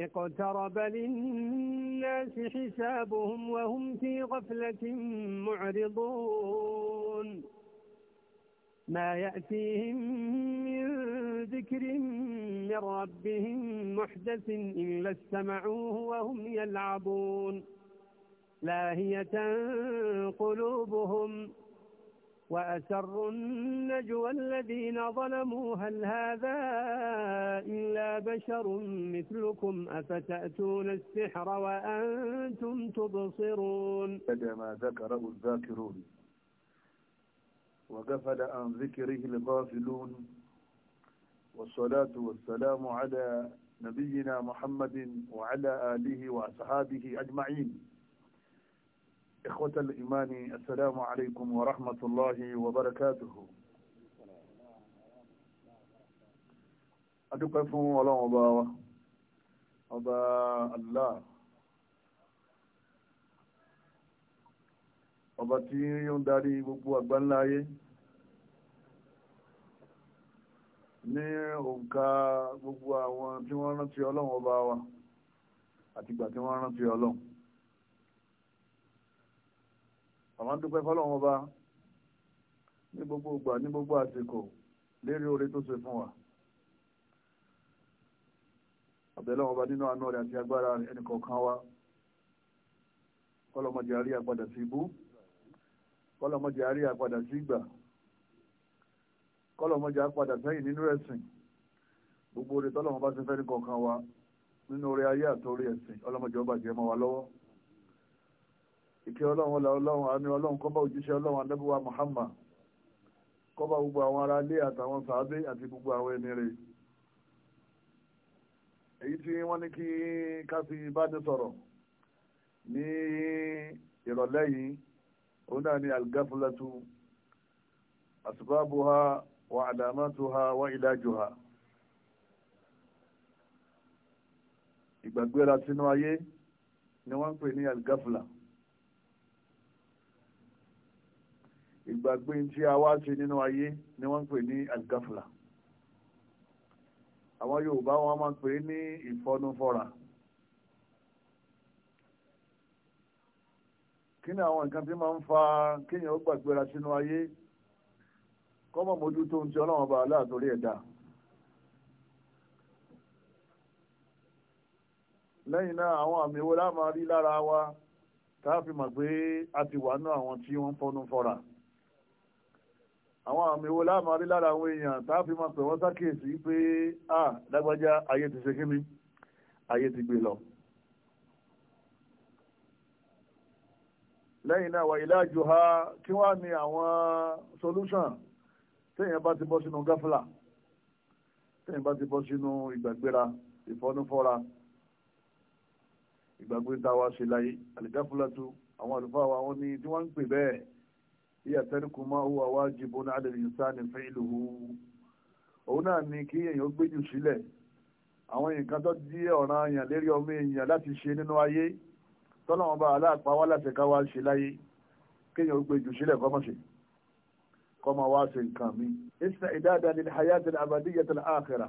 اقترب للناس حسابهم وهم في غفلة معرضون ما يأتيهم من ذكر من ربهم محدث إلا استمعوه وهم يلعبون لاهية قلوبهم وأسروا النجوى الذين ظلموا هل هذا إلا بشر مثلكم أفتأتون السحر وأنتم تبصرون ما ذكره الذاكرون وغفل عن ذكره الغافلون والصلاة والسلام على نبينا محمد وعلى آله وأصحابه أجمعين إخوة الإيمان السلام عليكم ورحمة الله وبركاته أدوك فهم ولا مباوة أبا الله ọba tí yóò ń darí gbogbo àgbáńláyé ní òǹkà gbogbo àwọn tí wọ́n rántí ọlọ́run ọba wa àtìgbà tí wọ́n rántí ọlọ́run àwọn dúpẹ́ fọlọ́run ọba ní gbogbo ìgbà ní gbogbo àsìkò lérí oore tó ṣe fún wa àbẹ̀lọ́wọ́n ọba nínú àánú rẹ̀ àti agbára ẹnìkọ̀ọ̀kan wa kọ́lọ́mọdé àrí àpadà sí ibú kọ́lọ́mọdé àrí àpadà sí ìgbà kọ́lọ́mọdé àpadà sẹ́yìn nínú ẹ̀sìn gbogbo oore tọ́lọ́wọ́n bá ṣe fẹ́ nìkọ̀ọ̀kan wa nínú oore ayé àtọ́rí ẹ̀sìn ọlọ́mọdé ọba jẹ́ mọ́ wa lọ́wọ́ ìkẹ́ ọlọ́run ọlá ọlọ́run àánú ọlọ́run kó bá òjíṣẹ́ ọlọ́run adébúwa Muhammad kó bá gbogbo àwọn ará ilé àtàwọn sàábé àti gbogbo àwọn ẹni rẹ̀ èyí tí wọ́n ní kí ká fi bá sọ̀rọ̀ ní ìrọ̀lẹ́ yìí òun náà ni algafulatu asbabuha wa alamatuha wa ilajuha ìgbàgbéra sínú ayé ni wọ́n ń pè ní algafula. ìgbàgbé tí a wá ṣe nínú ayé ni wọ́n ń pè ní algafla àwọn Yorùbá wọn máa ń pè ní ìfọnúfọra kí ni àwọn nǹkan tí máa ń fa kéèyàn ó gbàgbéra sínú ayé kọ́mọ̀ mójú tó ń ti ọlọ́run ọba aláàtórí ẹ̀dá lẹ́yìn náà àwọn àmì wo la rí lára wa tá a fi mọ̀ pé a ti wà nú àwọn tí wọ́n fọnú fọra àwọn àmì wo láàmú arí lára àwọn èèyàn tá a fi máa pè wọ́n sákèsí pé à lágbájá ayé ti ṣe kíni ayé ti gbé lọ. lẹ́yìn náà wà ìlàjò ha kí wọ́n á ní àwọn solution téèyàn bá ti bọ́ sínú gáfìlà téèyàn bá ti bọ́ sínú ìgbàgbéra ìfọ́núfọ́ra ìgbàgbé táwa ṣe láyé àlìgáfìlà tó àwọn àlùfáà wa wọ́n ní tí wọ́n ń pè bẹ́ẹ̀ ìyá tẹ́ríkù máa hùwà wájibó ní àdàlẹ̀ ìsáni fẹ́ ìlú òun náà ni kí èèyàn gbéjù sílẹ̀ àwọn nǹkan tó di ọ̀ràn èèyàn lérí ọmọ èèyàn láti ṣe nínú ayé tọ́lọ́wọ́n bá aláàpá wá láti ká wá ṣe láyé kéèyàn ó gbéjù sílẹ̀ kọ́ mọ̀ ṣe kọ́ mọ̀ wá ṣe nǹkan mi. ìsìn ìdáadá ni hayatul abadiyatul akhira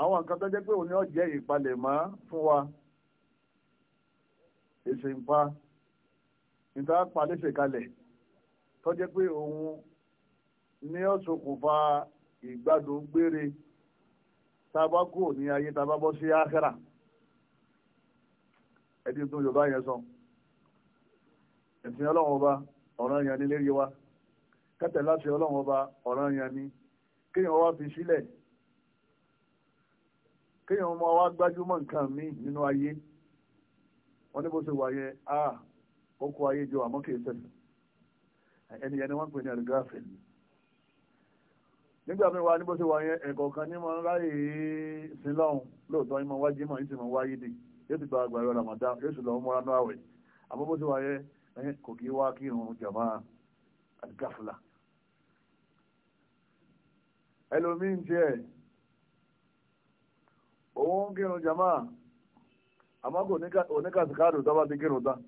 àwọn nǹkan tó jẹ́ pé òun ni ó jẹ́ ìpalẹ̀mọ́ fún wa èsì ń pa tó jẹ́ pé òun ní ọ̀ṣokùnfà ìgbádùn gbére tábà kú ní ayé tábà bọ́ sí áhẹ́rà ẹ̀dí tó yorùbá yẹn sọ ẹ̀sìn ọlọ́run ọba ọ̀ràn yẹn ní lérí wa kẹtẹ̀ láti ọlọ́run ọba ọ̀ràn yẹn ní kéèyàn wá fi sílẹ̀ kéèyàn ọmọ wa gbájúmọ̀ nǹkan míì nínú ayé wọn ní bó ṣe wà yẹn a ah, ó kó ayé jọ àmọ́ kì í ẹni ẹni wọ́n pè ní algafil nígbà mi wá ní bó ṣe wà yẹn ẹ̀kọ́ kan ní máa ń ráyè sílọ́hún lóòótọ́ ní máa wájú mọ̀ ní sì máa wáyé dì yóò ti gba àgbà ẹ̀rọ làmọ̀dá yóò sì lọ múra náà wẹ̀ àmọ́ bó ṣe wà yẹn kò kí wá kí irun jàmá algafla ẹlòmíín tiẹ̀ òun kírun jàmá àmọ́ kò ní kàtìkàdù tó bá ti kírun tán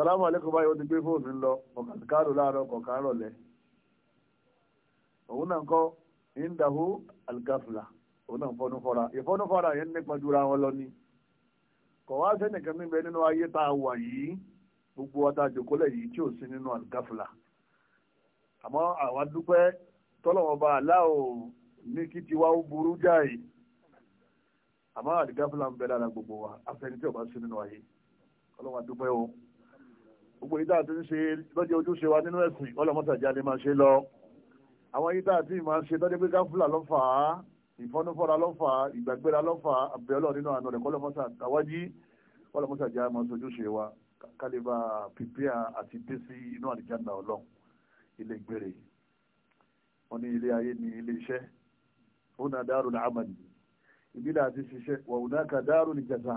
sàlámù alẹ́kùn báyìí ó ti gbé fóònù ń lọ kọ̀kàkárò láàárọ̀ kọ̀kàárọ̀ lẹ̀ òun náà kọ́ ìndàhú algafla òun náà fọnúfọ́ra ìfọnúfọ́ra yẹn nípa jura wọn lọ ni kọ̀ wá sẹ́nìkan níbẹ̀ nínú ayé tá a wà yìí gbogbo wa tá a jòkólẹ̀ yìí tí ò sí nínú algafla àmọ́ àwa dúpẹ́ tọ́lọ́wọ́n bá aláwo ní kí tiwa ó burú jáì àmọ́ algafla ń bẹ lára gbogbo wa afẹ́ni tí o bá sí nínú ayé ọlọ́wọ́n dúpẹ́ o gbogbo yìí dáa ti ń ṣe lọ́jọ́ ojúṣe wa nínú ẹ̀sìn ọlọ́mọ́tàjà ni máa ṣe lọ àwọn yìí dáa ti máa ń ṣe tọ́jú pé káfúlà ló fà á ìfọ́nufọ́ra ló fà á ìgbàgbéra ló fà á àbẹ̀ọ́lọ́ nínú àná rẹ̀ kọ́lọ́mọ́tàwájí ọlọ́mọ́tàjà máa ṣojúṣe wa kálíbà pípíà àti dé sí inú àdìjánà ọlọ́run ilé ìgbére wọn ní ilé ayé ní ilé iṣẹ́ òun náà dárò ní jẹ̀sà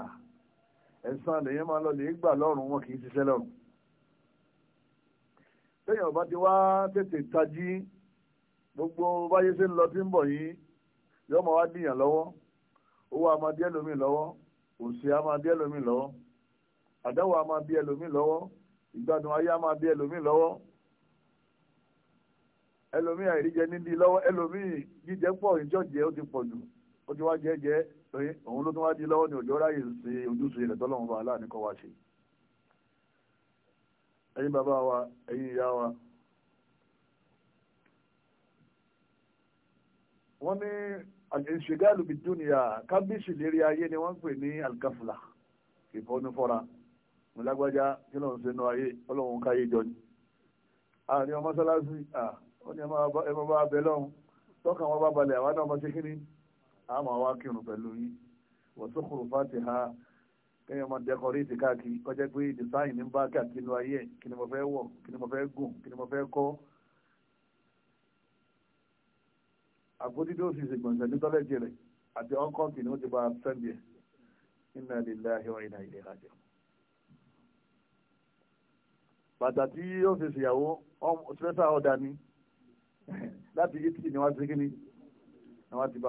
ẹ̀sán téèyàn bá ti wá tètè tají gbogbo báyé ṣe ń lọ tí ń bọ̀ yìí yóò máa wá dìyàn lọ́wọ́ owó a máa di ẹlòmíì lọ́wọ́ òṣì a máa di ẹlòmíì lọ́wọ́ àdáwò a máa di ẹlòmíì lọ́wọ́ ìgbádùn ayé a máa di ẹlòmíì lọ́wọ́ ẹlòmíì àìríjẹ nídìí lọ́wọ́ ẹlòmíì jíjẹ pọ̀ ìjọ́jẹ ó ti pọ̀ jù ó ti wá jẹ́ òun ló tún wá di lọ́wọ́ ní òjò ráyè ṣe ojúṣe rẹ̀ tọ́lọ́run aláàánú kọ́ wá ṣe ẹ̀yin bàbá wa ẹ̀yin ìyá wa. wọ́n ní ìṣègàlù bíi dúnìyà kábíyèsí lérí ayé ni wọ́n ń pè ní alkafula ìfọ́nufọ́ra mọ̀lágbájá kí ló ń ṣe nu ayé ọlọ́run káyé jọ ni. àárín ọmọ sálásí ó ní ẹ máa bá abẹ lọ́hùn tọ́ka wọn bá balẹ̀ àwa náà ṣe kí ni àmọ́ àwa kírun pẹ̀lú yín wọ́n tó kúrò fàtìhà kéèyàn máa ti káàkiri kọjá pé design ń bá káàkiri nínú ayé kí ni mo fẹ́ wọ̀ kí ni mo fẹ́ gùn kí ni mo fẹ́ kọ́ àpótí tó sì ṣègbọ̀nsẹ̀ ní tọ́lẹ̀jì rẹ̀ àti ni ti bá a inna bàtà fi ṣèyàwó ṣẹ́fà ọ̀dà ni láti italy ni ti kí ni wọ́n ti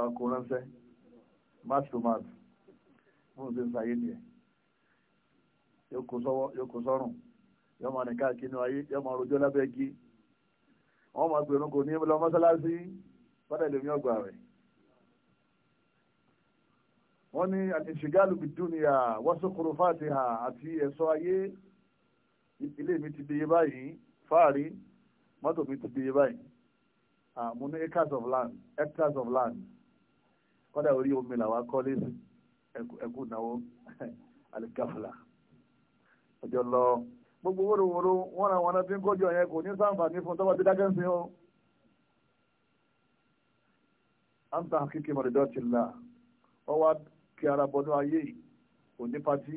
a yóò kó sọ́wọ́ yóò kó sọ́rùn yóò máa nìka kínú ayé yóò máa rojọ́ lábẹ́ igi wọ́n máa gbèrú kò ní lọ mọ́sálásí fọ́dà lèmi ọgbà rẹ̀ wọ́n ní àtìṣègálù bìdúnìyà wọ́n sókòrò fàtìhà àti ẹ̀sọ́ ayé ilé mi ti di iye báyìí fáàrí mọ́tò mi ti di iye báyìí mo ní acres of land hectares of land kọ́dà orí omi làwọn akọ́lé sí ẹ̀kú náwó alikafla ọjọ́ lọ gbogbo wóróworó wọn ra wọn fi ń kọjọ yẹn kò ní sáǹfààní fún tọ́wọ́ bí dákẹ́ ń sin o. à ń ta àkíkí mọ̀lẹ́dọ́ ti là wọ́n wá kí ara bọ́nú ayé òní patí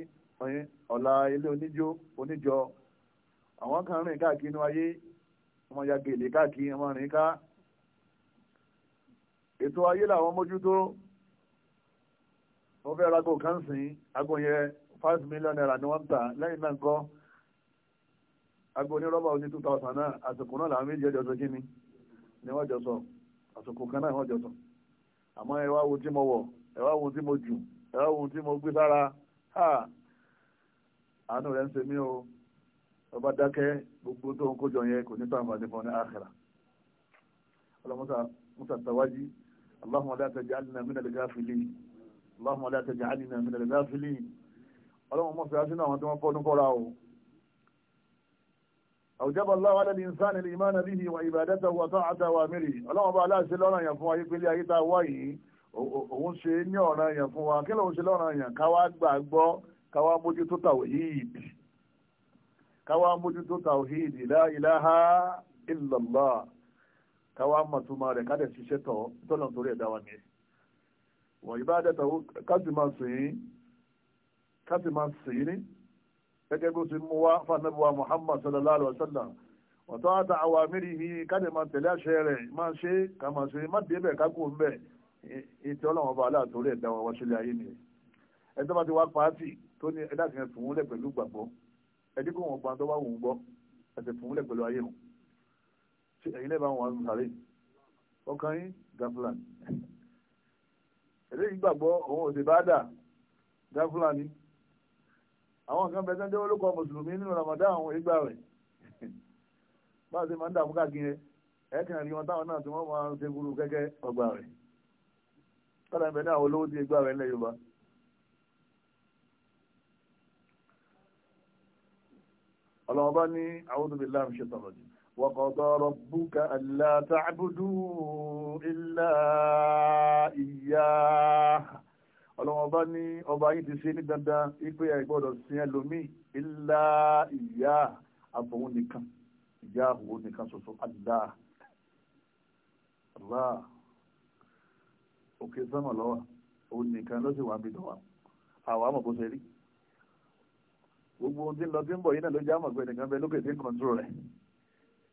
ọ̀la ilé oníjó oníjọ àwọn kan rìn káàkiri inú ayé ọmọ ya gèlè káàkiri ọmọ rìn ká ètò ayé làwọn mójútó wọ́n fẹ́ rago kan sìn ago yẹn five million naira ni wọ́n ń tà lẹ́yìn náà kọ́ agbo ní rọ́bà oní two thousand náà àsìkò náà làwọn méjì ọjọ́ sọ kí ni ni wọ́n jọ sọ àsìkò kan náà wọ́n jọ sọ àmọ́ ẹ wá wo tí mo wọ̀ ẹ wá wo tí mo jù ẹ wá wo tí mo gbé sára ha àánú rẹ̀ ń ṣe mí o ọba dákẹ́ gbogbo tó ń kójọ yẹn kò ní sàǹfààní fún ọ ní àkàrà ọlọ́mọsà musa tawájí allahumma la taj'alna min al allahumma la taj'alna min al ọlọ́run mọ̀ fìyà sínú àwọn tí wọ́n fọ́nú kọ́ra o àwùjábọ̀ aláwọ̀ alẹ́ ní sáàni ní ìmáà nàbí ìwà ìbàdẹ́ta wà tó àtà wà mírì ọlọ́run bá aláṣẹ lọ́rọ̀ yẹn fún wa yípe ilé ayé tá a wá yìí òun ṣe ní ọ̀rọ̀ yẹn fún wa kí lóun ṣe lọ́rọ̀ yẹn káwá gbàgbọ́ káwá káwá mójútó tawhid la ilaha káwá mọ̀túnmọ̀ rẹ̀ kádẹ̀ ṣiṣẹ́ tọ̀ tọ́lọ̀ ká sì máa sè é ní gẹ́gẹ́ bó ṣe mú wá fanabuwa muhammad sallallahu alaihi wa sallam ọ̀tọ́ àtà àwọn amírí yìí ká lè máa tẹ̀lé àṣẹ rẹ̀ máa ṣe ká máa ṣe má débẹ̀ ká kú mbẹ̀ ètò ọlọ́run ọba aláàtòrí ẹ̀dá wa wáṣẹ́lẹ̀ ayé nìyẹn ẹ̀dá bá ti wá pàátì tó ní ẹ̀dá kan fún un lẹ̀ pẹ̀lú gbàgbọ́ ẹ̀dí kò wọ́n gbà tó bá wù ú gbọ́ ẹ̀sẹ̀ fún un lẹ̀ pẹ̀lú ayé wọn ṣe ẹ̀yin lẹ́ẹ̀ bá wọn ń sáré ọkàn yín gaflan ẹ̀dẹ́ yìí gbàgbọ́ òun ò sì bá dà àwọn nǹkan bẹ sẹ́ńdé olókọ mùsùlùmí nínú Ramadan àwọn ìgbà rẹ̀ bá a ṣe máa ń dààmú káàkiri ẹ kàn rí wọn táwọn náà tí wọ́n máa ń ṣe gúrú kẹ́kẹ́ ọgbà rẹ̀ kọ́lá ìbẹ̀ ní àwọn olówó ti ìgbà rẹ̀ ńlẹ̀ Yorùbá ọlọ́wọ́ bá ní a'udhu billahi minash shaitanir rajim wa qada rabbuka alla ta'budu illa iyyah ọlọ́wọ́n bá ní ọba yìí ti ṣe ní dandan ipe ẹ̀ gbọ́dọ̀ sin ẹlòmíì ilá ìyá àbòun nìkan ìyá àbòun nìkan ṣoṣo Allah Allah òkè sọ́nà lọ́wọ́ òun nìkan ló sì wà bí dọ̀wà àwọn àmọ̀ kó ṣe rí gbogbo ohun tí ń lọ sí ń bọ̀ yìí náà ló jẹ́ àmọ̀ pé nìkan bẹ lókè tí ń kọ̀ǹtúrò rẹ̀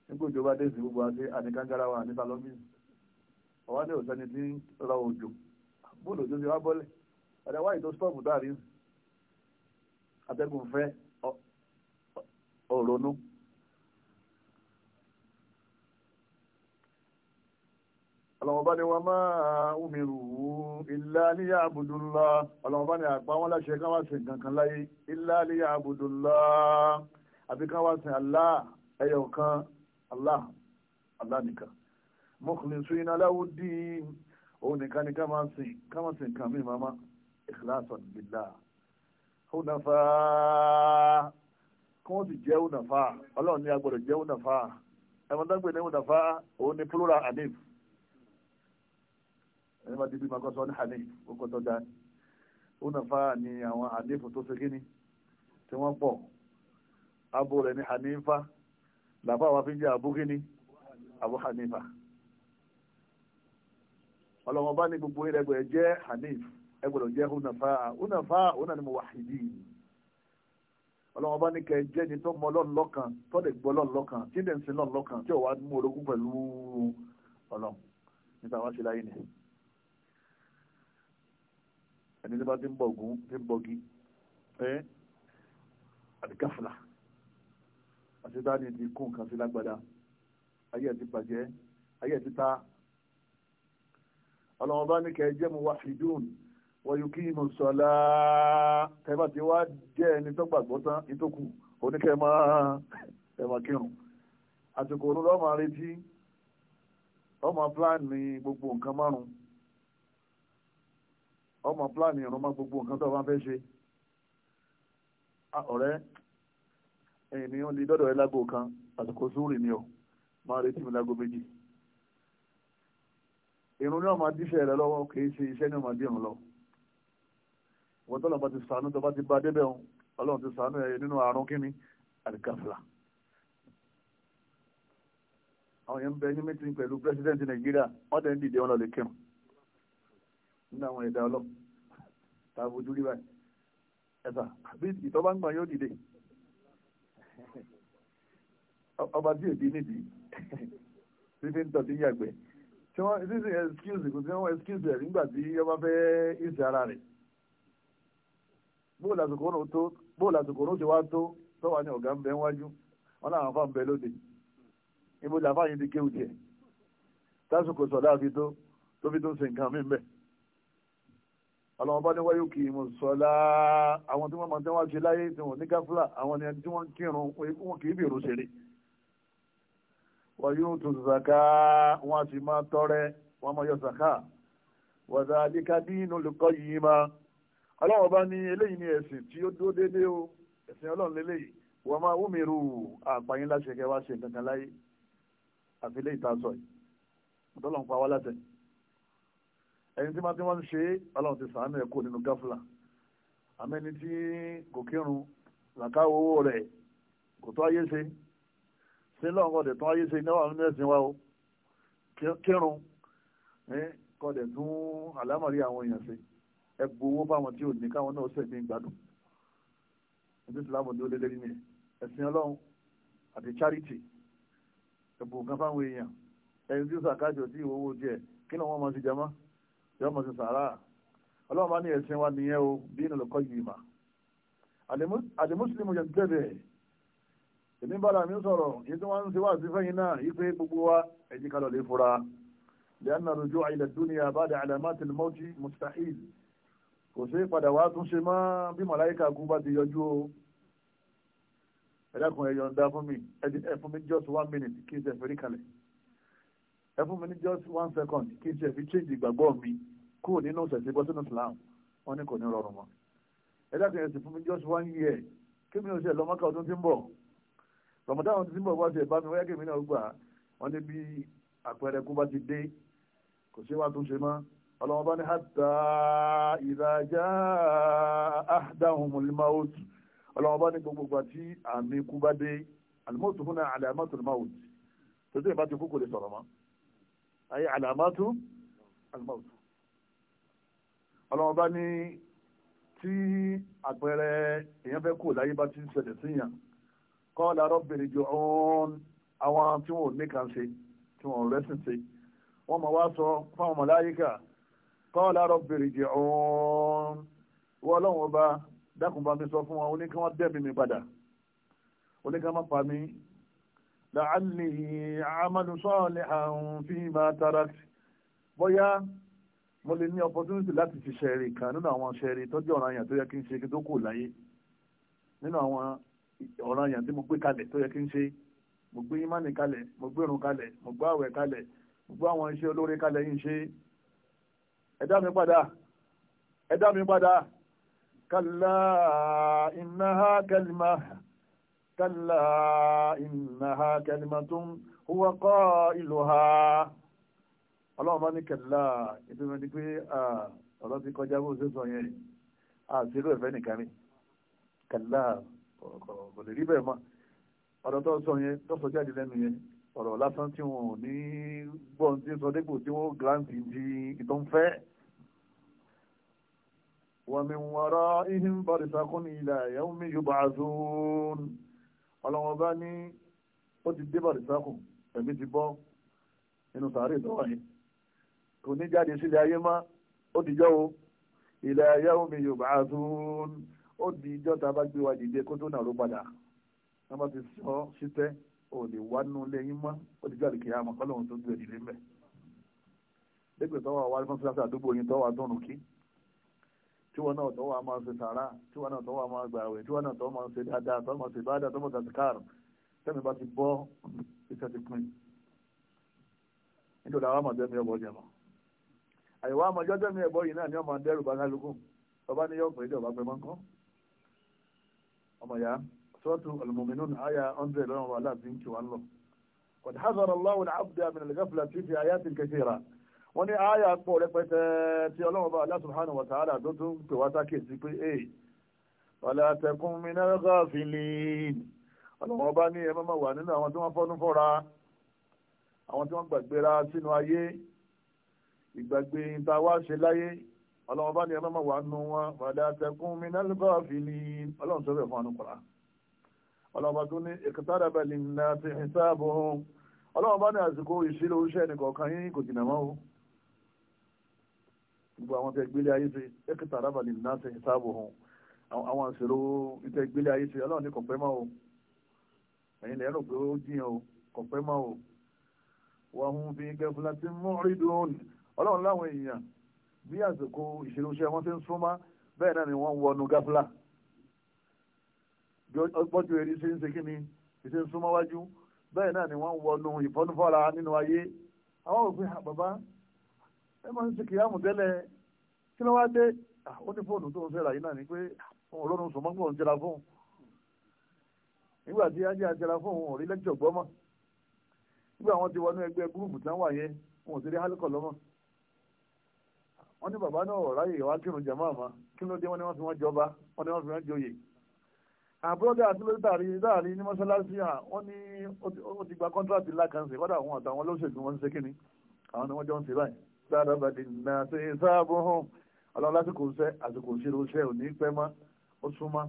nígbà ìjọba dé sí gbogbo àti àníkangara wa àníkàlọ́mí ọ̀wá ní òsẹ́ni tí ń ra òjò bóòlù tó ti wá bọ́lẹ̀ otherwise tó stop that is atẹ́gùn fẹ́ ọ̀rọ̀nú. ọlọ́wọ́bá ni wọ́n máa umiru illa liya abudullah ọlọ́wọ́bá ni àgbà wọn láṣẹ kan sí kankan láyé illa liya abudullah àbí kan wá sí Allah ẹyọ kan Allah Allah nìkan mukhlisina lahu ddin òun nìkan ni ká máa sìn ká màmá ikhlasan lillah hunafa kí wọ́n sì jẹ́ hunafa ọlọ́run ní agbọ́dọ̀ jẹ́ hunafa ẹ̀mọ́dágbé ní hunafa òun ni plural hanif ẹni bá ti bí makọ́sọ ní hanif ó kọ́ tó dání hunafa ni àwọn hanif tó ṣe kíní tí wọ́n pọ̀ abo rẹ̀ ní hanifa làbá wa fi ń jẹ́ abu kíní abu hanifa ọlọ́wọ́n bá ní gbogbo ìrẹ́gbẹ̀ẹ́ jẹ́ hanif ẹ gbọ́dọ̀ jẹ́ hunafa hunafa hunan muwahidin ọlọ́wọ́n bá ní kẹ́ jẹ́ ni tó mọ ọlọ́run lọ́kàn tó lè gbọ́ ọlọ́run lọ́kàn tí lè ń sin ọlọ́run lọ́kàn tí ò wá mú orogún pẹ̀lú ọlọ́run níta wá sí láyé ni ẹni tí bá ti ń bọ̀ ògún ti ń bọ̀gí ẹ àdìgáfúlà àti dání ti kún nǹkan sí lágbádá ayé ti bàjẹ́ ayé ti ta ọlọ́wọ́n bá ní kẹ́ jẹ́ mu wáhidùn wọ́n yóò kí inú sọ́lá tẹ́bà tí wá jẹ́ ẹni tó gbàgbọ́ tán ìtókù oníkẹ́ máa ẹ̀mà kírun àsìkò òru lọ́mọ retí ọmọ pílánì gbogbo nǹkan márùn ọmọ pílánì ìrún gbogbo nǹkan tó bá fẹ́ ṣe ọ̀rẹ́ ènìyàn lè dọ́dọ̀ ẹ lágbo kan àsìkò súrì ni ọ máa retí mi lágbo méjì ìrún ní ọmọ adíṣẹ́ rẹ lọ́wọ́ kì í ṣe iṣẹ́ ní ọmọ adírun lọ́wọ́ wọ́n tọ́lọ̀ bá ti sànú tó bá ti bá débẹ̀ òun ọlọ́run ti sànú ẹ̀ nínú àrùn kínní àdìgàfìlà. àwọn yẹn ń bẹ ní mítìn pẹ̀lú president nàìjíríà wọ́n tẹ̀ ń dìde wọn lọ lè kírun nínú àwọn ẹ̀dá ọlọ́run tá a fojú rí báyìí ẹ̀sà àbí ìtọ́ bá ń gbọ̀n yóò dìde ọba tí èdè nídìí fífi ń tọ́ yàgbẹ́ tí wọ́n excuse kò sí wọ́n excuse ẹ̀ nígbà tí ọba fẹ́ ìsì ara rẹ̀ bóòlù àsìkò òun tó bóòlù àsìkò òun ti wá tó tọ́wà ní ọ̀gá ń bẹ wájú wọn làwọn afá ń bẹ lóde ibo làfá yìí ti kéwù tiẹ̀ tásìkò sọ̀dá fi tó tó fi tó ṣe nǹkan mí bẹ́ẹ̀ ọlọ́wọ́n bá ní wáyé kì í mú sọ́lá àwọn tí wọ́n máa ń tẹ́wọ́n ṣe láyé tí wọ́n ní gáfúlà àwọn ni tí wọ́n kírun wọn kì í bèrò ṣeré wọ́n tó zaka wọ́n á sì máa tọrẹ wọ́n máa yọ zaka wọ́n zàlíkà ọlọ́run ọba ní eléyìí ní ẹ̀sìn tí ó dúró déédéé o ẹ̀sìn ọlọ́run lélẹ́yìí wọ́n máa wú mi rú àpáyín láṣẹ kẹ wá ṣe kankan láyé àfi lè ta sọ yìí ọlọ́run pa wá láṣẹ ẹni tí máa ti wọ́n ń ṣe ọlọ́run ti sàánú ẹ̀kọ́ nínú gáfúlà àmọ́ ẹni tí kò kírun làkà owó rẹ̀ kò tó ayé ṣe ṣé lọ́run ọ̀dẹ̀ tó ayé ṣe náwó àwọn ẹ̀sìn wa o kírun kọ́dẹ̀ tún àlámọ̀rí àwọn èèyàn ṣe ẹ gbowó fáwọn tí ò ní káwọn náà sẹ̀mí gbádùn ẹbí ìsìlámù ni ó lé lérí nìyẹn ẹ̀sìn ọlọ́run àti charity ẹ̀bùn kan fáwọn èèyàn ẹni tí ó sàkájọ sí ìwọ́wọ́ jẹ kí ni wọ́n máa ti jama yọ máa ti sàárà ọlọ́run bá ní ẹ̀sìn wa nìyẹn o bí inú lọ́kọ́ yìí mà àdìmúsùlùmù yẹn tẹ́lẹ̀ èmi bára mi sọ̀rọ̀ yìí tí wọ́n ń ṣe wá sí fẹ́yìn náà yìí pé gbogbo wa ẹ̀jí kalọ̀ lè fura lẹ́yìn náà rojú àìlẹ̀dúnìyà bá dẹ̀ àlàmá tìlmọ́tì mustahil kò sí padà wá tún ṣe mọ́ bí màláìka kú bá ti yọjú o ẹ̀dákun ẹ̀yọ̀ ń dá fún mi ẹ fún mi just one minute kí n ṣe fẹ́rí kalẹ̀ ẹ mi ní just one second kí n ṣe fi change ìgbàgbọ́ mi kúrò nínú ṣẹ̀ṣẹ̀ bọ́ sínú Islam wọn ní kò ní rọrùn mọ́ ẹ̀dákun ẹ̀sìn fún mi just one year kí mi ò ṣe lọ́mọ́ká ọdún tí ń bọ̀ Ramadan ọdún tí ń bọ̀ wá ṣe bá mi wáyé kí mi náà gbà wọn ní bí àpẹẹrẹ kú bá ti dé kò sí wá tún ṣe mọ́ ọlọ́wọ́n bá ní hàtà ìdájá àdáhùn mọ̀lẹ́máwòtù ọlọ́wọ́n bá ní gbogbo ìgbà tí àmì ikú bá dé àlùmọ́tò fún náà àlàmọ́tò mọ̀lẹ́máwòtù tòtí ìbá ti kú kò lè sọ̀rọ̀ mọ́ ayé àlàmọ́tò mọ̀lẹ́máwòtù ọlọ́wọ́n bá ní tí àpẹẹrẹ èèyàn fẹ́ kú láyé bá ti ń ṣẹlẹ̀ síyàn kọ́ làárọ̀ bèrè jù ọ́n àwọn tí wọn ò ní kan ṣe tí wọn ò rẹ́sìn ṣe wọ́n mọ̀ wá sọ fáwọn màláyíkà kọ́ọ̀lá rọ̀bìrì jẹ̀ ọ̀ọ́n wọ́n ọlọ́run ọba dákùnbà mi sọ fún wọn ó ní kí wọ́n dẹ́mi mi padà ó ní kí wọ́n má pa mí làálì àmàlù sọ́ọ̀lẹ̀ àrùn fi máa tara bóyá mo lè ní opportunity láti ti ṣẹ̀rì kan nínú àwọn ṣẹ̀rì tọ́jú ọ̀ràn àyàn tó yẹ kí n ṣe kí n tó kù láyé nínú àwọn ọ̀ràn àyàn tí mo gbé kalẹ̀ tó yẹ kí n ṣe mo gbé ìmánì kalẹ̀ mo gbé irun kalẹ̀ mo gbé àwẹ̀ kalẹ̀ mo gbé àwọn iṣẹ́ olóore kalẹ̀ yìí ṣe ẹ dá mi padà ẹ dá mi padà kàlá ìnáhà kẹlìmà kàlá ìnáhà kẹlìmà tó ń huwa kọ́ ìlú ha ọlọ́run bá ní kẹlá ìtumọ̀ ni pé ọ̀rọ̀ ti kọjá bó ṣe sọ yẹn àṣírò ẹ̀fẹ́ nìkan rí kẹlá kò lè rí bẹ́ẹ̀ mọ́ ọ̀rọ̀ tó sọ yẹn tó sọ jáde lẹ́nu yẹn ọ̀rọ̀ lásán tí wọn ò ní gbọ́n tí sọ dépò tí wọ́n gíláǹtì di ìtọ́ ń fẹ́. wa min wara'ihim barzakun ila yawmi yub'athun ọlọ́wọ́n bá ní ó ti dé barzakun ẹ̀mí ti bọ́ nínú sàárè tó wáyé kò ní jáde sílẹ̀ ayé má ó ti jọ́ o ila yawmi yub'athun ó di ìjọ́ a bá gbé wa dìde kó tó nàró padà wọ́n bá ti sọ ṣítẹ́ ò lè wá nú lẹ́yìn mọ́ ó ti jáde kìí àmọ́ kọ́lọ́hún tó gbé e ìdílé mẹ́ lẹ́gbẹ̀ẹ́ tọ́wọ́ wa fún síláṣà àdúgbò yín tọ́wọ́ adúrún kí tí wọn náà tọ́wọ́ máa ṣe sàrà tí wọn náà tọ́wọ́ máa gbà àwẹ̀ tí wọn náà tọ́wọ́ máa ṣe dáadáa tọ́wọ́ máa ṣe báadáa tọ́wọ́ máa ṣe káàrù tẹ́mi bá ti bọ́ iṣẹ́ ti pin nítorí àwọn àmọ̀jọ́ mi ẹ̀bọ̀ jẹ̀mọ̀ àyẹ̀wò àmọ̀jọ́ tẹ́mi ẹ̀bọ̀ yìí náà ni ọmọ dẹ́rù bá kálukú ọba ní yọ̀pẹ̀ ìjọba pẹ̀ mọ́ńkọ́ ọmọ yàrá sọ́tù almominun aya 100 lọ́wọ́ wa láti ń kí wọn lọ kọ̀dí hazara lọ́wọ́ abdá min al-ghafla ti fi aya ti kẹsìrà wọ́n ní aya pọ̀ rẹpẹtẹ tí ọlọ́wọ́ bá Allah subhanahu wa ta'ala tó tún pè wá sáké sí pé ee wala takun min al-ghafilin ọlọ́wọ́ bá ní ẹmọ́ máa wà nínú àwọn tí wọ́n fọ́nú fọ́ra àwọn tí wọ́n gbàgbéra sínú ayé ìgbàgbé ta wá ṣe láyé ọlọ́wọ́ bá ní ẹmọ́ máa wà nínú wọn wala takun min al-ghafilin ọlọ́run sọ bẹ́ẹ̀ fún anú kọ́ra ọlọ́ọ̀bá tó ní ìkìtàdà bẹ̀lì ńlá ti ìsáàbò ohun ọlọ́ọ̀bá ní àsìkò ìṣirò iṣẹ́ nìkọ̀ọ̀kan yín kò jìnà mọ́ o gbogbo àwọn tẹ gbélé ayé ṣe ìkìtàdà bẹ̀lì ńlá ti ìsáàbò ohun àwọn àṣírò ìtẹ gbélé ayé ṣe ọlọ́ọ̀ni kò pẹ́ mọ́ o ẹ̀yin lẹ́rọ pé ó jiyàn o kò pẹ́ mọ́ o wọ́n hun fi gẹ́fúnlá ti mú rí dùn láwọn èèyàn bí àsìkò ìṣirò ọgbọ́n tí wọ́n rí sí ń ṣe kí ni ìṣe ń súnmọ́ wájú bẹ́ẹ̀ náà ni wọ́n ń wọnú ìfọ́nufọ́ra nínú ayé àwọn òfin bàbá ẹ máa ń ṣe kìyàmù tẹ́lẹ̀ kí ló wá dé ó ní fóònù tó ń fẹ́ ràyìn náà ni pé òun lọ́nu sùn mọ́gbọ́n ń jẹra fóun nígbà tí ajé ajẹra fóun ò rí lẹ́kítọ̀ gbọ́ mọ́ nígbà wọn ti wọnú ẹgbẹ́ gúrùpù tí wọ́n wà yẹn wọn ò sí rí hálíkọ̀ lọ́mọ́ wọn ní bàbá náà ráyè wá kírun jàmáà mọ́ kí ló dé wọn ni wọ́n fi wọ́n jọba wọn ni àbúrọ́dà àti lórí tààrí láàrí ní mọ́ṣáláṣí à wọ́n ní ó ti gba kọ́ńtíráàtì lákànṣe kọ́dà àwọn àtàwọn olóṣèlú wọn ń ṣe kíni àwọn ni wọ́n jọ ń ṣe báyìí dáadáa bàdì náà ṣe é sáàbù hàn ọlọ́run lásìkò iṣẹ́ àsìkò ìṣirò iṣẹ́ ò ní pẹ́ mọ́ ó súnmọ́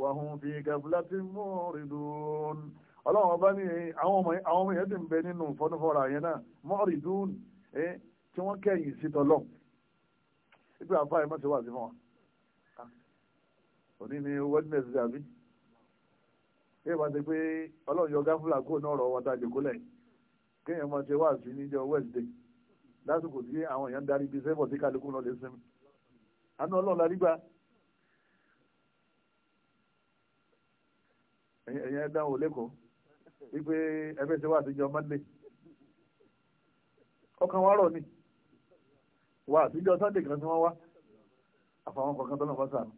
wà hùn fi gàfúlá tí mú rìdùn ọlọ́run ọba ní àwọn ọmọ yẹn ti ń bẹ nínú fọ́nufọ́ra yẹn náà mọ́ rìdùn tí wọ́n kẹ́yìn sí tọ́lọ́ òní ni wednesday àbí ṣé ìbá ti pé ọlọ́run yọ gáfúlà kó náà rọ̀ wọn tá a jòkó lẹ̀ kéèyàn máa ṣe wá sí níjọ wednesday lásìkò tí àwọn èèyàn darí ibi sẹ́fọ̀ tí kálukú náà lè sinmi àánú ọlọ́run la rí gbà ẹ̀yìn ẹ̀dá wò lẹ́kọ̀ọ́ wípé ẹgbẹ́ ti wá àtijọ́ monday ọkàn wa rọ̀ ni wà àtijọ́ sunday kan tí wọ́n wá àfàwọn kọ̀ọ̀kan tó náà bá sàánù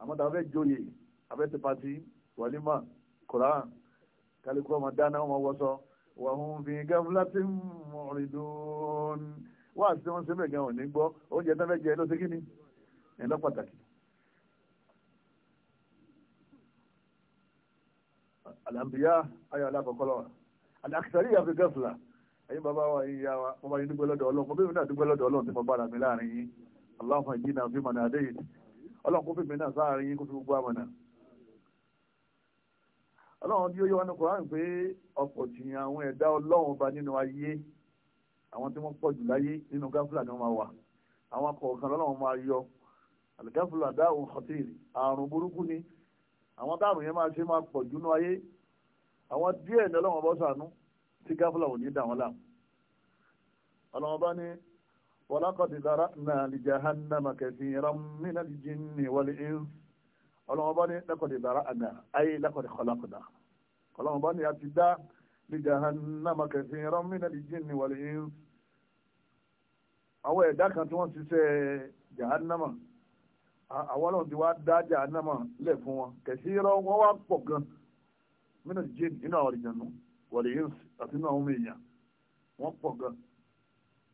àmọ́ tàbí fẹ́ joyè abẹ́ ti pati wàlímà koran kálíkù ọmọ dáná ọmọ wọṣọ wà hún fi gẹ́fúlá tí mọ̀rin dùn wá sí wọn sí mẹ́gàn gbọ́ oúnjẹ tó jẹ ló ṣe kí ni ẹ̀ lọ pàtàkì. àlàmbíyá ayọ̀ alákọ̀ọ́kọ́lọ́ wa àlàkìtàrí àfi gẹ́fúlá ẹ̀yin bàbá wa yìí yá wa mo bá yín dúpẹ́ lọ́dọ̀ ọlọ́run mo bí mi náà dúpẹ́ lọ́dọ̀ ọlọ́run tí mo bára mi láàrin yín aláwọ̀ ìjìnà fi mọ̀ ní ọlọ́run kó fèmí náà sáàrin yín kó fi gbogbo àmọ̀nà ọlọ́run tí ó yọ wọnú koran pé ọ̀pọ̀ tí àwọn ẹ̀dá ọlọ́run bá nínú ayé àwọn tí wọ́n pọ̀ jù láyé nínú gáfúlà ni wọ́n máa wà àwọn kọ̀ọ̀kan lọ́lọ́run máa yọ àlùgáfúlà dáhùn hòtẹ́ẹ̀lì àrùn burúkú ni àwọn táàrùn yẹn máa ṣe máa pọ̀ jù nínú ayé àwọn díẹ̀ ní ọlọ́run bọ́ sànú tí gáfúlà ò ní dà wọ́n láàmú ọlọ́run bá ní ولقد ذرأنا لجهنم كثيرا من الجن والإنس ọlọ́wọ́n bá li jinni àwọn ẹ̀dá kan tí wọ́n ṣiṣẹ́ jahannama àwọn ọlọ́run jahanama dá jahannama lẹ̀ fún wọn kathiran wọ́n wá pọ̀ gan min al nínú àwọn ìjànú àti nínú àwọn èèyàn wọ́n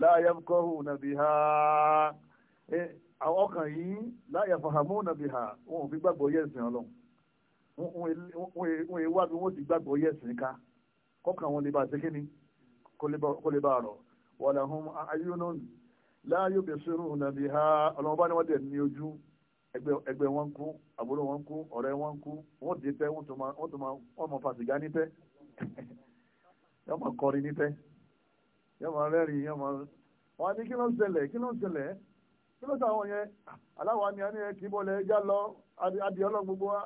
láàyè kọ́hù nàbí ha àwọn ọkàn yìí láàyè fàhámù nàbí ha wọn ò fi gbàgbọ́ yẹ̀sìn ọlọ́run wọn èèwà bí wọn ti gbàgbọ́ yẹ̀sìn ká kọ́kàn wọn lè bá ṣe kíni kó lè bá rọ̀ wọ́n làhùn ayúnú láàyè bẹ̀sùrù nàbí ha ọlọ́run bá ní wọ́n dẹ̀ ní ojú ẹgbẹ́ wọn kú àbúrò wọn kú ọ̀rẹ́ wọn kú wọ́n dé tẹ́ wọ́n tó máa wọ́n máa fa sìgá nítẹ́ wọ́n máa kọrin nítẹ́ yóò máa rẹ́rìn yóò máa wọn ní kí ló ń ṣẹlẹ̀ kí ló ń ṣẹlẹ̀ kí ló sàwọn yẹn aláwa ni a ní kí bọ́lẹ̀ ẹja lọ adì ọlọ́run gbogbo wa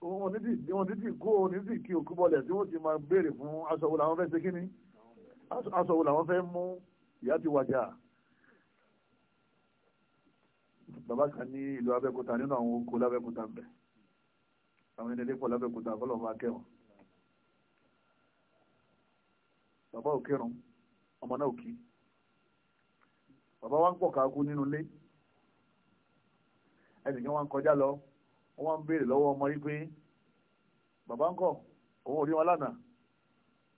wọn ní ti kó wọn ní ti kí òkú bọ́lẹ̀ tí wọ́n ti máa béèrè fún aṣọ wo làwọn fẹ́ ṣe kí ni aṣọ wo làwọn fẹ́ mú ìyá ti wájà bàbá kan ní ìlú Abẹ́òkúta nínú àwọn oko lábẹ́òkúta bẹ̀ àwọn ẹni ẹlẹ́pọ̀ lábẹ́òkúta kọ́lọ́ máa kẹ́wọ̀n. bàbá ò kírun ọmọ náà ò kí bàbá wa ń pọ̀ káàkú nínú ilé ẹnìkan wa ń kọjá lọ wọ́n wá ń béèrè lọ́wọ́ ọmọ yìí pé bàbá ń kọ̀ òun ò rí wọn lánàá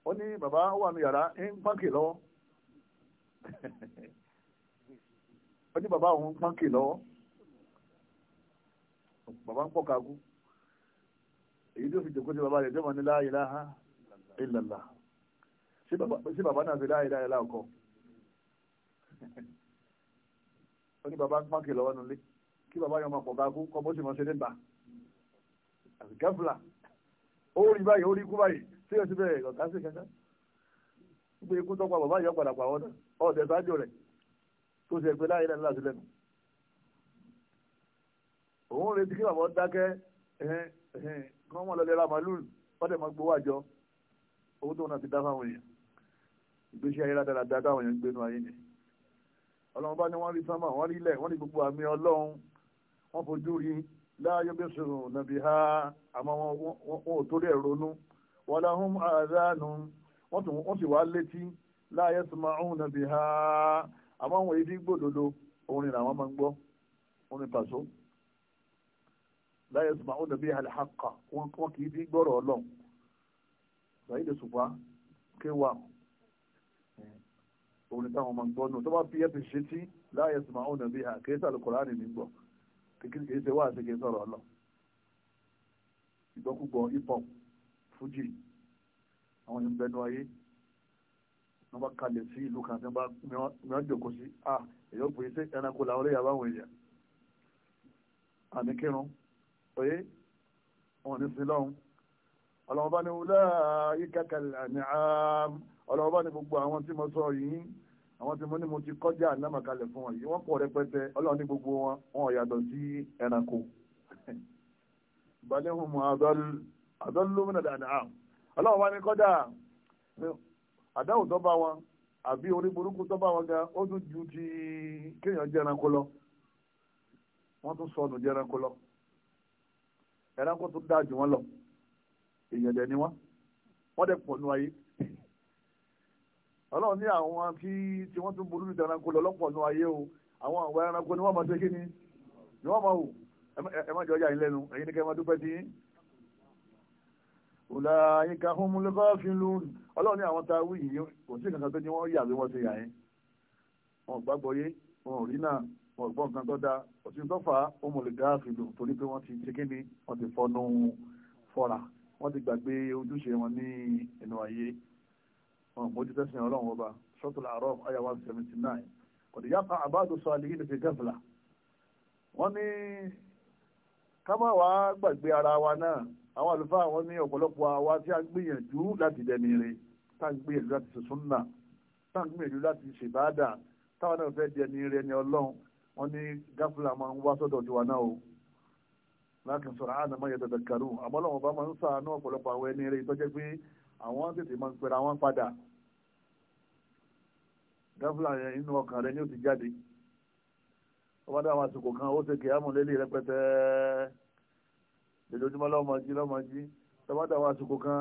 ó ní bàbá wà ní yàrá ń pàǹkì lọ́wọ́ ó ní bàbá òun ń pàǹkì lọ́wọ́ bàbá ń pọ̀ káàkú èyí tó fi jòkó sí bàbá rẹ̀ jọ́mọ̀ ní la ilaha illallah ṣé bàbá náà ṣe láàyè láàyè láàkọ ó ní bàbá mákè lọ́wọ́ nulẹ̀ kí bàbá yọ máa pọ̀ ká kú kọ́ bó ṣe máa ṣe nígbà àgbẹ̀fúlà ó rí báyìí ó rí kú báyìí sí ọtí bẹ́ẹ̀ ọ̀gá sí kankan gbé ikú tọ́pọ̀ bàbá yọ padà pàwọ́ náà ọ̀dẹ̀ sáájú rẹ̀ tó ṣe pé láyé lẹ́nu láti lẹ́nu òun retí kí bàbá dákẹ́ kí lọ́lẹ́ ra ọ̀dẹ̀ máa gbowó àjọ owó tó náà ti dá fáwọn èèyàn ìgbésí ayé rádaràdá táwọn èèyàn ń gbénu ayé ni ọlọ́run bá ní wọ́n rí sánmà wọ́n rí ilẹ̀ wọ́n rí gbogbo àmì ọlọ́run wọ́n fojú rí láàyò bí sùn nàbí ha àmọ́ wọn ò torí ẹ̀ ronú wọ́n láhùn àdánù wọ́n sì wá létí láàyè sùnmà òun nàbí ha àmọ́ wọn èdè gbòdodo orin làwọn máa ń gbọ́ orin pàṣọ láyé sùnmà òun nàbí àlàkà wọn kì í dín gbọ́rọ̀ ọlọ́run ṣàyẹ̀dẹ̀ ṣùgbọ́n kéwàá òun nìkan ọmọ gbọ́ nù tó bá fi ẹ̀fì ṣe tí láàyè sùnmọ́ àwọn ònà bíi àkèé sàlù kùránì ní gbọ́ kìí ṣe wá àti kìí sọ̀rọ̀ ọlọ ìgbọ́kúgbọ́ hip hop fújì àwọn ìbẹnu ayé wọn bá kalẹ̀ sí ìlú kan tí wọn bá mìíràn jòkó sí a èyí ó pè é sí ẹranko làwọn olóyè àbáwọn èèyàn àmì kírun oyé wọn ní sí lọ́hùn ọlọ́wọ́n bá ní wúlá ọlọ́wọ́n bá ní gbogbo àwọn tí mo sọ yìí àwọn tí mo ní mo ti kọjá àlámàkalẹ̀ fún wọn yìí wọ́n pọ̀ rẹpẹtẹ ọlọ́run ní gbogbo wọn wọn yàtọ̀ sí ẹranko balẹ̀hùn mu àdọ́lómìnà dáadáa ọlọ́run wá ní kọjá àdáhùn tó bá wọn àbí orí burúkú tó bá wọn ga ó tún ju ti kéèyàn jẹ́ ẹranko lọ wọ́n tún sọnù jẹ́ ẹranko lọ ẹranko tún dáa jù wọ́n lọ èèyàn dẹ̀ ni wọ́n wọ́n dẹ̀ pọ̀ nù ayé ọlọ́run ní àwọn tí tí wọ́n tún burú níta ẹranko lọ́pọ̀ nù ayé o àwọn àwọn ẹranko ni wọ́n máa ṣe kí ni ni wọ́n máa wò ẹ má jọ ọjà yín lẹ́nu ẹ̀yin ni kẹ́ máa dúpẹ́ dín. ọ̀la ayíká humul ghafilun ọlọ́run ní àwọn tá a wí yìí kò sí kankan tó ní wọ́n yà bí wọ́n ṣe yà yín. wọn ò gbàgbọ́ yé wọn ò rí náà wọn ò gbọ́ nǹkan tó dáa òsì tó fà á humul ghafilun torí pé wọn mójú tẹ́sán ọlọ́run ọba suratul A'raf aya one seventy nine kọ̀dí yàtọ̀ àbádo sọ àlèyé ní fi gẹ́fìlà wọ́n ní kámáwá gbàgbé ara wa náà àwọn àlùfáà wọn ní ọ̀pọ̀lọpọ̀ àwa tí a ń gbìyànjú láti dẹni rè tá a ń gbìyànjú láti ṣe súnà tá a ń gbìyànjú láti ṣèbáàdà táwọn náà fẹ́ dẹni rè ni ọlọ́run wọ́n ní gáfìlà máa ń wá sọ́dọ̀ tiwa náà o láti sọ̀rọ̀ àná mọ́ yẹn dàdàkàrú àmọ́ lọ́wọ́ bá máa ń sàánú ọ̀pọ̀lọpọ̀ àwọn ẹni rè tó jẹ́ pé àwọn tètè máa ń pera wọn padà gáfúlà yẹn inú ọkàn rẹ ni ó ti jáde ọba dá àwọn àsìkò kan ó ṣe kìámù lélẹ̀ rẹpẹtẹ lójoojúmọ́ lọ́mọ jí lọ́mọ jí ọba dá àwọn àsìkò kan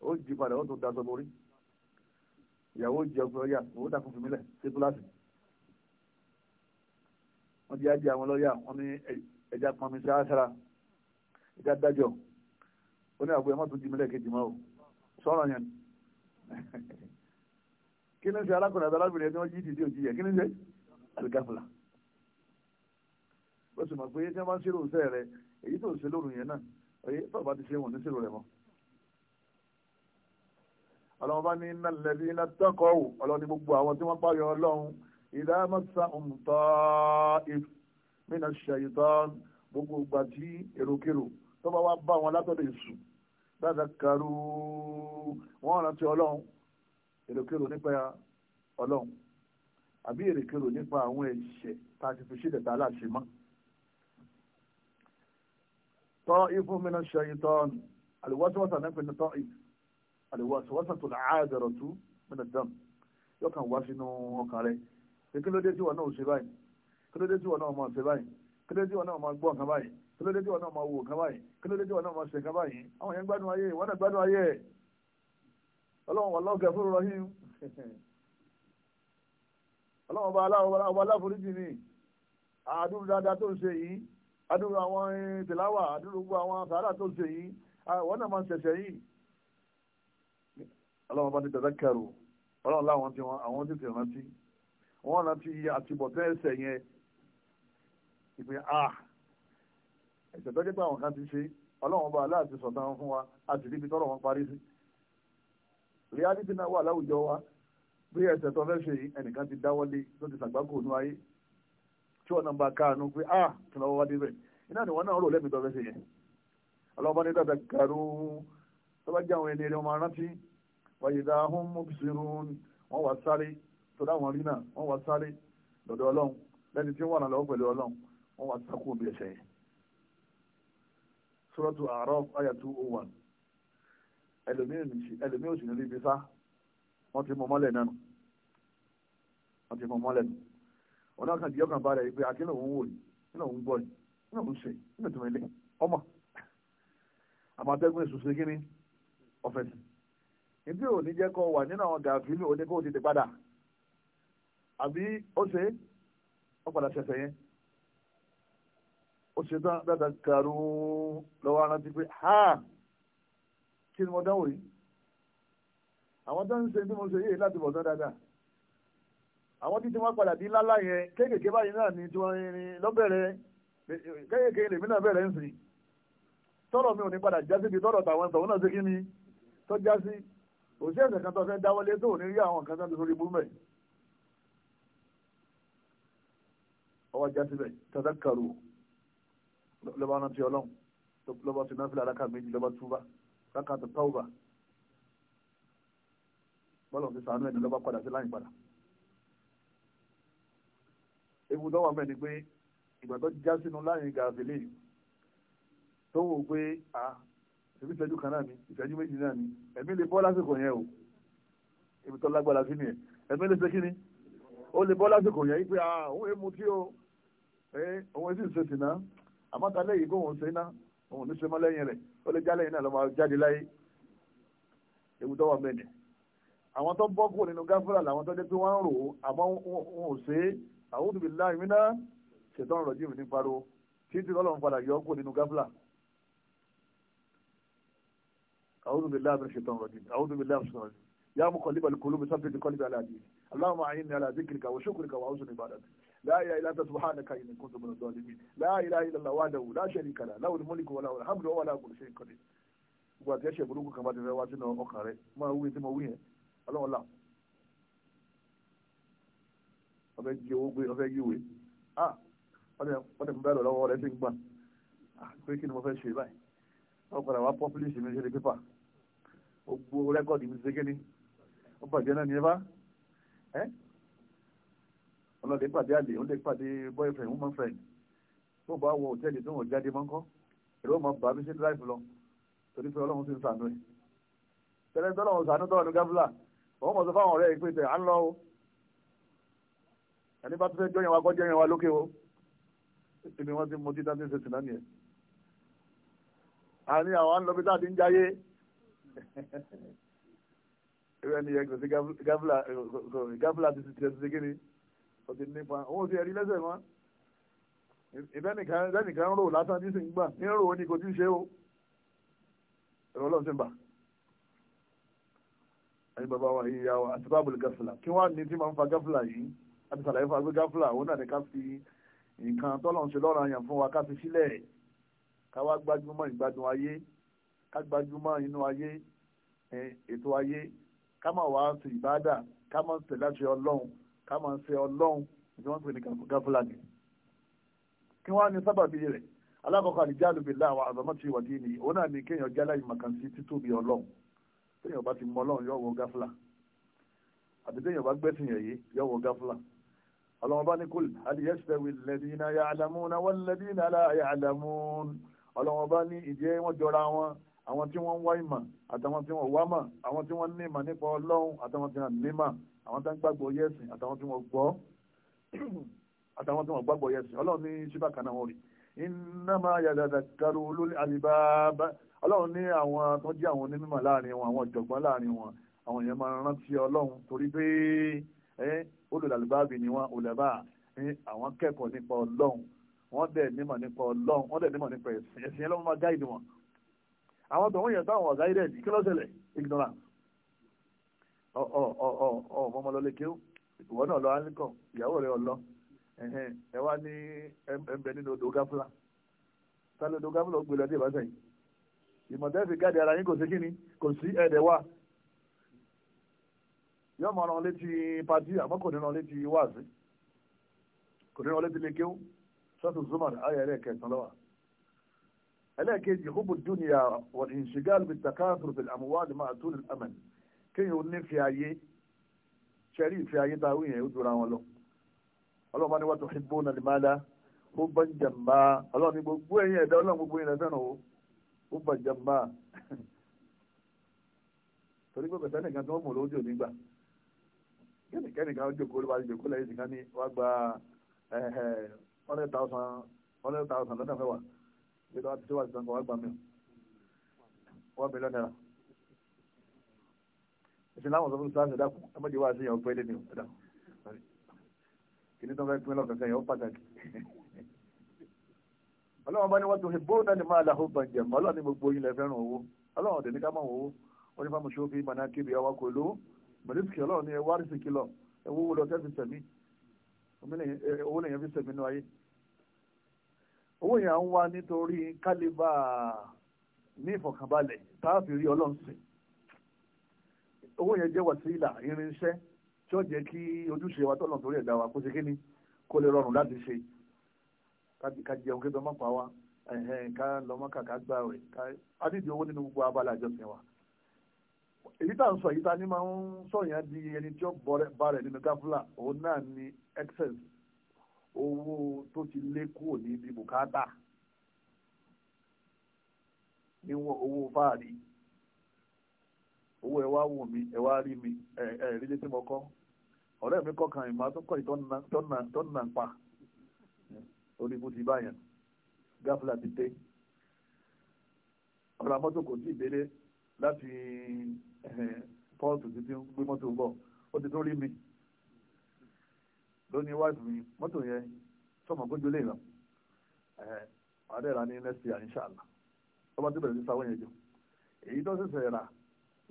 ó jí padà ó tún daṣọ borí ìyàwó jẹ ọgbẹ ọyà owó dàkún fún mi lẹ sí kíláàsì wọn di ajé àwọn lọ́yà wọn ní ẹja pọnmi sí àṣàrà ẹja dájọ ó ní àgbo ẹ jí mi lẹ́ẹ̀kejì mọ́ o sọ̀rọ̀ yẹn kí ni ṣe alákùnrin àti alábìnrin ẹni wọ́n jí dìde òjì yẹ kí ni ṣe àlùgáfìlà ó sì mọ̀ pé tí wọ́n bá ń ṣe lóòótọ́ rẹ èyí tó ń ṣe lóòrùn yẹn náà èyí tó bá ti ṣe wọn ní ṣèrò rẹ mọ́ ọlọ́run bá ní iná lẹ́bí iná tọ́kọ̀ ò ọlọ́run ní gbogbo àwọn tí wọ́n pààyọ ọlọ́run ìdá mọ́sá òmùtọ́ ìfúnmínà ṣàyìtọ́ gbogbo ìgbà tí èròkèrò tó bá wá bá wọn látọ̀dọ̀ èṣù tazakkaru wọ́n rántí ọlọ́run èrèkèrò nípa ọlọ́run àbí èrèkèrò nípa àwọn ẹ̀ṣẹ̀ tá a ti fi ṣílẹ̀ tá a láṣẹ mọ́. ta'ifun mina shaytan àlùwọ́sọ̀wọ́sọ̀ náà pinnu tọ́ ìf àlùwọ́sọ̀wọ́sọ̀ tó là á dẹ̀rọ̀ tú mina dam yóò kàn wá sínú ọkàn rẹ̀ pé kí ló dé tí wọn náà ò ṣe báyìí kí ló dé tí wọn náà ò máa ṣe báyìí kí ló dé tí wọn náà ò máa gbọ́ ọ̀kan báyìí kí ló dé tí wọn náà máa wò kán báyìí kí ló dé tí wọn náà máa ṣe kán báyìí àwọn yẹn gbádùn ayé wọn náà gbádùn ayé ọlọ́run wà lọ́gẹ̀ fún rahim ọlọ́run ọba aláwọ̀ aláforíjì ni àdúrú dáadáa tó ń ṣe yìí àdúrú àwọn tìláwà àdúrú gbogbo àwọn sàárà tó ń ṣe yìí wọn náà máa ń ṣẹ̀ṣẹ̀ yìí ọlọ́run ọba ní tẹ̀sẹ̀kẹ̀rù ọlọ́run láwọn tí wọn àwọn tí ti rántí wọn rántí àtibọ̀tẹ́ ẹsẹ̀ yẹn ìpín ah ẹ̀ṣẹ̀ tó jẹ́ pé àwọn kan ti ṣe ọlọ́run ọba aláàtì sọ̀tàn fún wa a sì ríbi tọ́lọ̀ wọn parí sí reality náà wà láwùjọ wa bí ẹ̀ṣẹ̀ tó fẹ́ ṣe yìí ẹnìkan ti dáwọ́lé tó ti sàgbákò nú ayé tí wọn bá káànú pé ah kí lọ́wọ́ wá débẹ̀ iná ni wọn náà rò lẹ́mìí tó fẹ́ ṣe yẹn ọlọ́ba ní dàda kàrú tó bá jẹ́ àwọn ẹni ẹni ọmọ arántí wàyí dá hún mú bìsirun wọn wà sáré tó dáwọn wọn wà suratu A'raf àyà two oh one ẹlòmíì ò sì nílé ibi sá wọ́n ti mọ mọ́lẹ̀ náà wọ́n ti mọ mọ́lẹ̀ nù wọn náà kàn di ọkàn balẹ̀ pé àkínà òun wò ní kínà òun gbọ́ ní kínà òun ṣe kínà tó ọmọ àmọ́ atẹ́gùn èso ọ̀fẹ́sì ibi ò jẹ́ kó wà nínú àwọn gàfínú oníkó ti ti padà àbí ó ṣe ó padà ṣẹ̀ṣẹ̀ yẹn ó ṣe tán dáadáa kàrún lọ́wọ́ arántí pé ha kí ni mo dánwò yìí àwọn tó ń ṣe bí mo ṣe yìí láti bọ̀ tán dáadáa àwọn títí wọn padà di lálá yẹn kéékèèké báyìí náà ni tí wọn rin lọ́bẹ̀rẹ̀ kéékèèké lèmi náà bẹ̀rẹ̀ ń sìn tọrọ mi ò ní padà já síbi tọrọ tàwọn tàwọn náà ṣe kí ni tó já sí òṣì ẹ̀sẹ̀ kan tó fẹ́ dáwọ́lé tó ò ní rí àwọn kan tó ń sori bú mẹ́ ọwọ́ já síbẹ̀ tàdákàrò lọ́ba rántí ọlọ́run lọ́ba ti náà fi lára ká méjì lọ́ba túbá káka tó tọ́wọ́bà bọ́lọ̀ ti sàánú ẹni lọ́ba padà sí láyìn padà. ewu dọ́wọ́ mẹ́ni pé ìgbà tó já sínú láyìn gàfélé tó wò pé a ìbí ìṣẹ́jú kan náà ni ìṣẹ́jú méjì náà ni ẹ̀mí lè bọ́ lásìkò yẹn o ibi tó lágbára sí nìyẹn ẹ̀mí lè ṣe kí ni ó lè bọ́ lásìkò yẹn yí pé àwọn èèmù tí o òun èsì ìṣesì náà àmọ́ta lẹ́yìn kó òun ṣe ná òun ní ṣe mọ́ lẹ́yìn rẹ̀ ó lè jálẹ̀ iná ló máa jáde láyé ewu tó wà mẹ́lẹ̀ àwọn tó bọ́ kúrò nínú gáfúrà làwọn tó dé pé wọ́n ń rò ó àmọ́ wọn ò ṣe é a'udhu billahi mina ṣètọ́ ọ̀rọ̀ jíìmù ní pariwo títí ọlọ́run padà yọ kúrò nínú gáfúrà a'udhu billahi mina ṣètọ́ ọ̀rọ̀ jíìmù a'udhu billahi mina ṣètọ́ ọ̀rọ̀ jíìmù yá لا إله إلا أنت سبحانك إني كنت من الظالمين لا إله إلا الله وحده لا شريك له له الملك وله الحمد وهو على كل شيء قدير gbogbo àti ẹsẹ burúkú kan bá ti fẹ wá sínú ọkàn rẹ máa wí tí mo wí yẹn ọlọ́run là ọbẹ jí owó gbé ọbẹ yíwé ah wọn tẹ n bẹ̀rẹ̀ lọ́wọ́ rẹ sí ń gbà ah pé kí ni mo fẹ́ ṣe báyìí wọn padà wá pọpulíṣì mi ṣẹlẹ̀ pépà gbogbo rẹkọọdù mi ṣe kéde ó bàjẹ́ náà ní ẹ bá ẹ ọlọ́dẹ pàdé àlè ó lè pàdé boyfriend woman friend tó bá wọ òtẹ́ẹ̀lì tó wọ́n jáde mọ́ńkọ́ èrò máa bá mi ṣe drive lọ torí pé ọlọ́run ti ń sànú ẹ̀ tẹ́lẹ̀ tó lọ́wọ́ sànú tọ́wọ́ ní gáfúlà wọ́n mọ̀ sọ fáwọn ọ̀rẹ́ yìí pé tẹ̀ à ń lọ o ẹni bá tún fẹ́ jọyàn wa kọ́ jọyàn wa lókè o ìsinmi wọn ti mú títà ní ṣe tìǹà nìyẹn àní àwọn à ń lọ bí táà ti ń jayé ìrẹ́ni yẹn kò sí gáfúlà ó ti nípa owó ti ẹ̀rí lẹ́sẹ̀ mọ́ ìbẹ́nìkan rò lásán tí sì ń gbà ní rò ó ní kò tí ń ṣe o ẹ̀rọ ọlọ́run ti ń bà ẹni bàbá wa yìí yàwó àti báàbùlù gáfìlà kí wọ́n á ní tí máa ń fa gáfìlà yìí àti sàlàyé fa gáfìlà òun náà ní ká fi nǹkan tọ́lọ́run ṣe lọ́rọ̀ àyàn fún wa ká fi sílẹ̀ ká wá gbájúmọ́ ìgbádùn ayé ká gbájúmọ́ inú ayé ètò ayé ká má wàá sí ìbádà ká má tẹ̀lé àṣẹ ọlọ́run ká máa ṣe ọlọ́run tí wọ́n pè ní gáfúlàní kí wọ́n á ní sábàbí rẹ̀ alákọ̀ọ́kọ́ àlìjáàlù billah wa azamati wa dini òun náà ní kéèyàn jẹ́ láì màkàn sí títóbi ọlọ́run téèyàn bá ti mọ ọlọ́run yóò wọ gáfúlà àti téèyàn bá gbẹ́sìn yẹ̀yẹ́ yóò wọ gáfúlà ọlọ́run bá ní kul hal yastawi alladhina ya'lamuna walladhina la ya'lamun ọlọ́run bá ní ìjẹ́ wọ́n jọra wọn àwọn tí wọ́n wá ìmọ̀ àtàwọn tí wọ́n wá mọ̀ àwọn tí wọ́n ní ìmọ̀ nípa ọlọ́run àtàwọn tí wọ́n ní ìmọ̀ àwọn tó ń gbàgbọ́ yẹ́sìn àtàwọn tí wọ́n gbọ́ àtàwọn tí wọ́n gbàgbọ́ yẹ́sìn ọlọ́run ní ṣíbà kan náà wọ́n rí innama yadhakkaru ulul albab ọlọ́run ní àwọn tó jẹ́ àwọn onímọ̀ láàrin wọn àwọn ọ̀jọ̀gbọ́n láàrin wọn àwọn èèyàn máa rántí ọlọ́run torí pé ulul ni wọn ulama àwọn kẹ́kọ̀ọ́ nípa ọlọ́run wọ́n dẹ̀ nímọ̀ nípa ọlọ́run wọ́n dẹ̀ nímọ̀ nípa ẹ̀sìn ẹ̀sìn ẹlọ́run máa gáìdì wọn àwọn tòun yẹn táwọn ọ̀gá ìdẹ̀ẹ̀dì kí ló ignorance ọ ọ ọ ọ ọmọ ọmọ lọlé kéwù ìwọ náà lọ alikọ ìyàwó rẹ ọlọ ẹ wá ní ẹnbẹ nínú odò gáfúlà sálẹ odò gáfúlà ó gbé lọ dé ìbáṣẹ yìí ìmọ̀tẹ́sì gáàdì ara yín kò sí kíni kò sí ẹ̀dẹ̀ wa yóò mọ ọ̀ràn létí pati àmọ́ kò ní létí wáàsí kò ní ọ̀ràn létí lékéwù sọ́tù zuma ayé ẹlẹ́ẹ̀kẹsàn lọ́wọ́ ẹlẹ́ẹ̀kejì hubu dúnìyà wọ̀n ìṣègàlù kéèyàn onífẹ́ ayé ṣẹ́rí ìfẹ́ ayé tá a wíyẹn ó dúra wọn lọ ọlọ́run bá ní wàá tó fi bó nàní máa dá ó bá ń jàmbá ọlọ́run ní gbogbo ẹ̀yìn ẹ̀dá ọlọ́run gbogbo ẹ̀yìn ẹ̀fẹ́ náà ó bá jàmbá torí pé pẹ̀sẹ́ nìkan tí wọ́n mọ̀ lówó tí ò kẹ́nìkẹ́nì kan jókòó ló bá ti jókòó lẹ́yìn nìkan wàá gba hundred thousand hundred thousand lọ́dọ̀ mẹ́wàá gbé lọ́wọ́ tí wàá ti sàn kọ́ wàá gbà mí wọ́n mílíọ̀nù náírà ẹ̀sìn láwọn sọ fún sáà ẹ̀dá kù ẹmọ́dé wá sí yàn pẹ́ lẹ́nu ẹ̀dá kìíní tó fẹ́ pín lọ́kàn yàn pàtàkì ọlọ́wọ́n bá ní wọ́n tó ṣe bóun náà ni máa làhó bàjẹ́ mọ́ ọlọ́wọ́n ní gbogbo yín lẹ fẹ́ràn owó ọlọ́wọ́n tẹ̀lé ká mọ̀ owó ó ní fáwọn ṣòfin mọ̀nà kébì ọwọ́ kò ló mẹ̀lẹ́sìkì ọlọ́wọ́n ní ẹwà rìsìkì lọ ẹwọ́ wo lọ tẹ́ fi sẹ̀mí owó lèyàn fi sẹ̀mí nú ayé owó yẹn à ń wá nítorí kálíbà ní ìfọ̀kànbalẹ̀ táàfin rí ọlọ́run sìn owó yẹn jẹ́ wàsílà irinṣẹ́ tí ó jẹ́ kí ojúṣe wa tọ́lọ̀ torí ẹ̀dá wa kó ṣe kíni kó lè rọrùn láti ṣe ká jẹun kí tọ́mọ́ pa wá ká ká rẹ̀ ká owó nínú gbogbo abala àjọsìn wa èyí tá à ń sọ yìí di ẹni tí ó bá rẹ̀ nínú gáfúlà òun náà ni excess owó tó ti lé kúrò ní ibi bùkátà owó fáàrí owó ẹ wá wù mí ẹ wá rí mi ẹ ẹ rí létí mo kọ́ ọ̀rẹ́ mi kọ́ kan ìmọ̀ àtúnkọ́ ìtọ́nà ń pa orí ibú ti báyẹn gáfúlà ti dé ọ̀rọ̀ mọ́tò kò tí ì délé láti pọ́ọ̀tù títí ń gbé mọ́tò bọ̀ ó ti tó rí mi lóní wáìfù mi mọ́tò yẹn sọmọ gbójú lè ràn àádẹ́ra ní next year inshallah ọba tó bẹ̀rẹ̀ sí sáwọ́ yẹn jù èyí tó ṣẹ̀ṣẹ̀ rà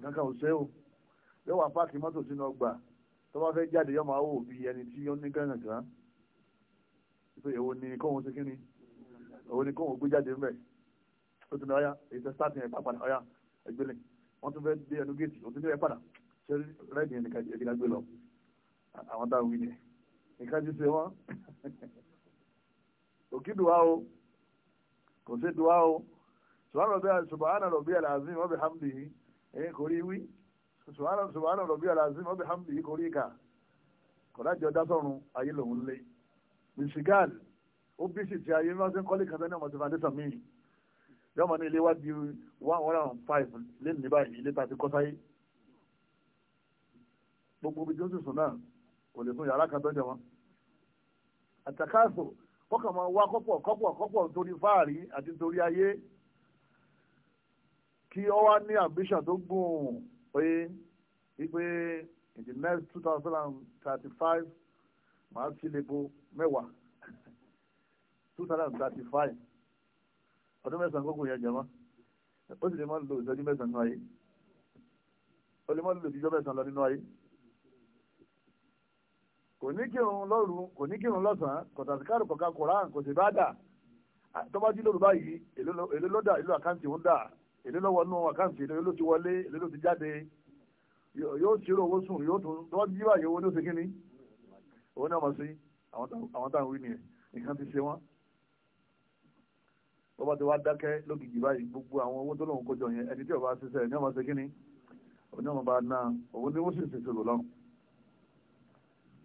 kankan ò ṣe o yóò wá páàkì mọ́tò sínú ọgbà tó bá fẹ́ jáde yóò máa wò bí ẹni tí ó ní kankan kan pé èwo ni kóhun ṣe kíni èwo ni kóhun gbé jáde ńbẹ ó tún ní ọyá ètò starting ẹ̀ pàpàdà ọyá ẹgbẹ́lẹ̀ wọ́n tún fẹ́ dé ẹnu géètì ó tún ní ẹ padà ṣe rẹ́ẹ̀dì ẹ̀ nìkan gbé lọ àwọn táwọn wí ni nìkan ti ṣe wọ́n òkì dùwà o kò sí dùwà o subhana rabbi subhana rabbi alazim wa bihamdihi ẹ̀ kò rí wí subhana rabbi alazim ọbẹ̀ hamdi yìí kò rí kà kọ̀dájọ́ dásọ̀run ayé lòun lé michigan ó bí sì ti ayé máa ń kọ́lé kan tẹ́lẹ̀ ọmọdé foundation mi yọmọ ní ilé wá di one hundred and five lẹ́nu ní báyìí ilé tàbí kọ́sáyé gbogbo ibi tí ó sì sùn náà kò lè sún yàrá kan tó jẹ wọn àtàkàṣò kọ́kàn máa wá kọ́pọ̀ kọ́pọ̀ kọ́pọ̀ torí fáàrí àti torí kí ọ wá ní ambition tó gùn pé wípé in the next two thousand and thirty five màá sí lebo mẹ́wàá two thousand and thirty five ọdún mẹ́sàn-án gbogbo yẹn jẹ̀mọ́ ó sì lè má lo ìṣẹ́jú mẹ́sàn-án nínú ayé ó lè má lo ìṣẹ́jú mẹ́sàn-án lọ nínú ayé kò ní kírun lóru kò ní kírun lọ́sàn-án kò tàbíkárù kọ̀ọ̀kan kòrán kò sì bá dà tó bá jí lóru báyìí èló ló dà èló àkáǹtì ń dà èlé lọ́wọ́ nú àkáǹtì èlé ló ti wọlé èlé ló ti jáde yóò ṣírò owó sùn yóò tún tọ́wọ́ jí báyìí owó ló ṣe kíni owó náà mọ̀ sí àwọn táwọn wí nìyẹn nǹkan ti ṣe wọ́n bọ́bá ti wá dákẹ́ lógìjì báyìí gbogbo àwọn owó tó lóun kójọ yẹn ẹni tí ọba ṣiṣẹ́ ẹ̀ ní ọmọ ṣe kíni òní ọmọ bá ná òun ni wọ́n sì ṣe ṣòro lọ́rùn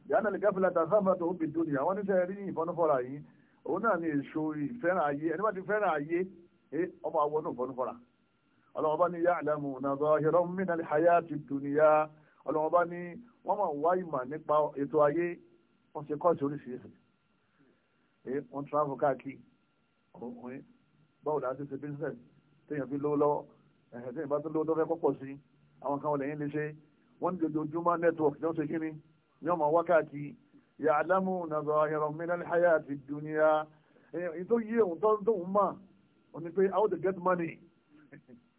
yàrá nìkan fìlà tà sáfà tó bì ní sẹ́yìn rí ìfọ́nufọ́ra yìí òun náà ni èso ọlọ́wọ́n bá ní ya'lamuna zahiran minal hayati dunya ọlọ́wọ́n bá ní wọ́n máa wá ìmọ̀ nípa ètò ayé wọ́n ṣe kọ́ọ̀sì oríṣiríṣi ẹ wọ́n travel káàkiri ọkùnrin báwo la ṣe ṣe business téèyàn fi lówó lọ́wọ́ ẹ̀hẹ̀ téèyàn bá tó lówó tó fẹ́ kọ́pọ̀ sí àwọn kan wọlé yín lè ṣe wọ́n ní ojoojúmọ́ network ní ṣe kíni ní ọmọ wákàtí ya'lamuna zahiran minal hayati dunya èyí tó yí òun tó ń dùn mọ́ òní pé how to get money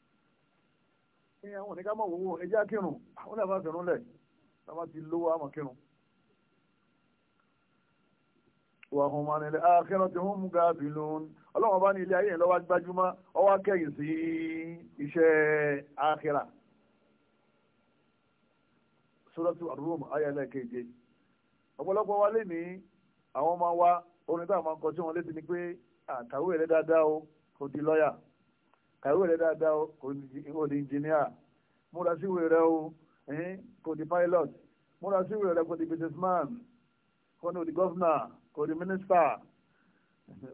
ní àwọn oníkà mọ̀ wòwò ẹjẹ́ akírun àwọn lè máa fẹ̀rún lẹ̀ sábà ti lówó àmọ̀ kírun. wà hùn mà nílẹ̀ akẹ́rọ̀ tí wọ́n mú ga bìlú ọlọ́wọ́n bá ní ilé ayé yẹn lọ́wọ́ gbájúmọ́ ọwọ́ akẹ́yìn sí iṣẹ́ akẹ́rà. sọ́dọ̀tù àdúrómù ayẹlẹ́ keje ọ̀pọ̀lọpọ̀ wa lé ní àwọn ọmọ wa orin táwọn máa ń kọ wọn létí ni pé àkàwé rẹ̀ dáadáa o kò di lọ́yà kàwé rẹ dáadáa o kò di engineer múra síwèé rẹ o kò di pilot múra síwèé rẹ kò di businessman kò di governor kò di minister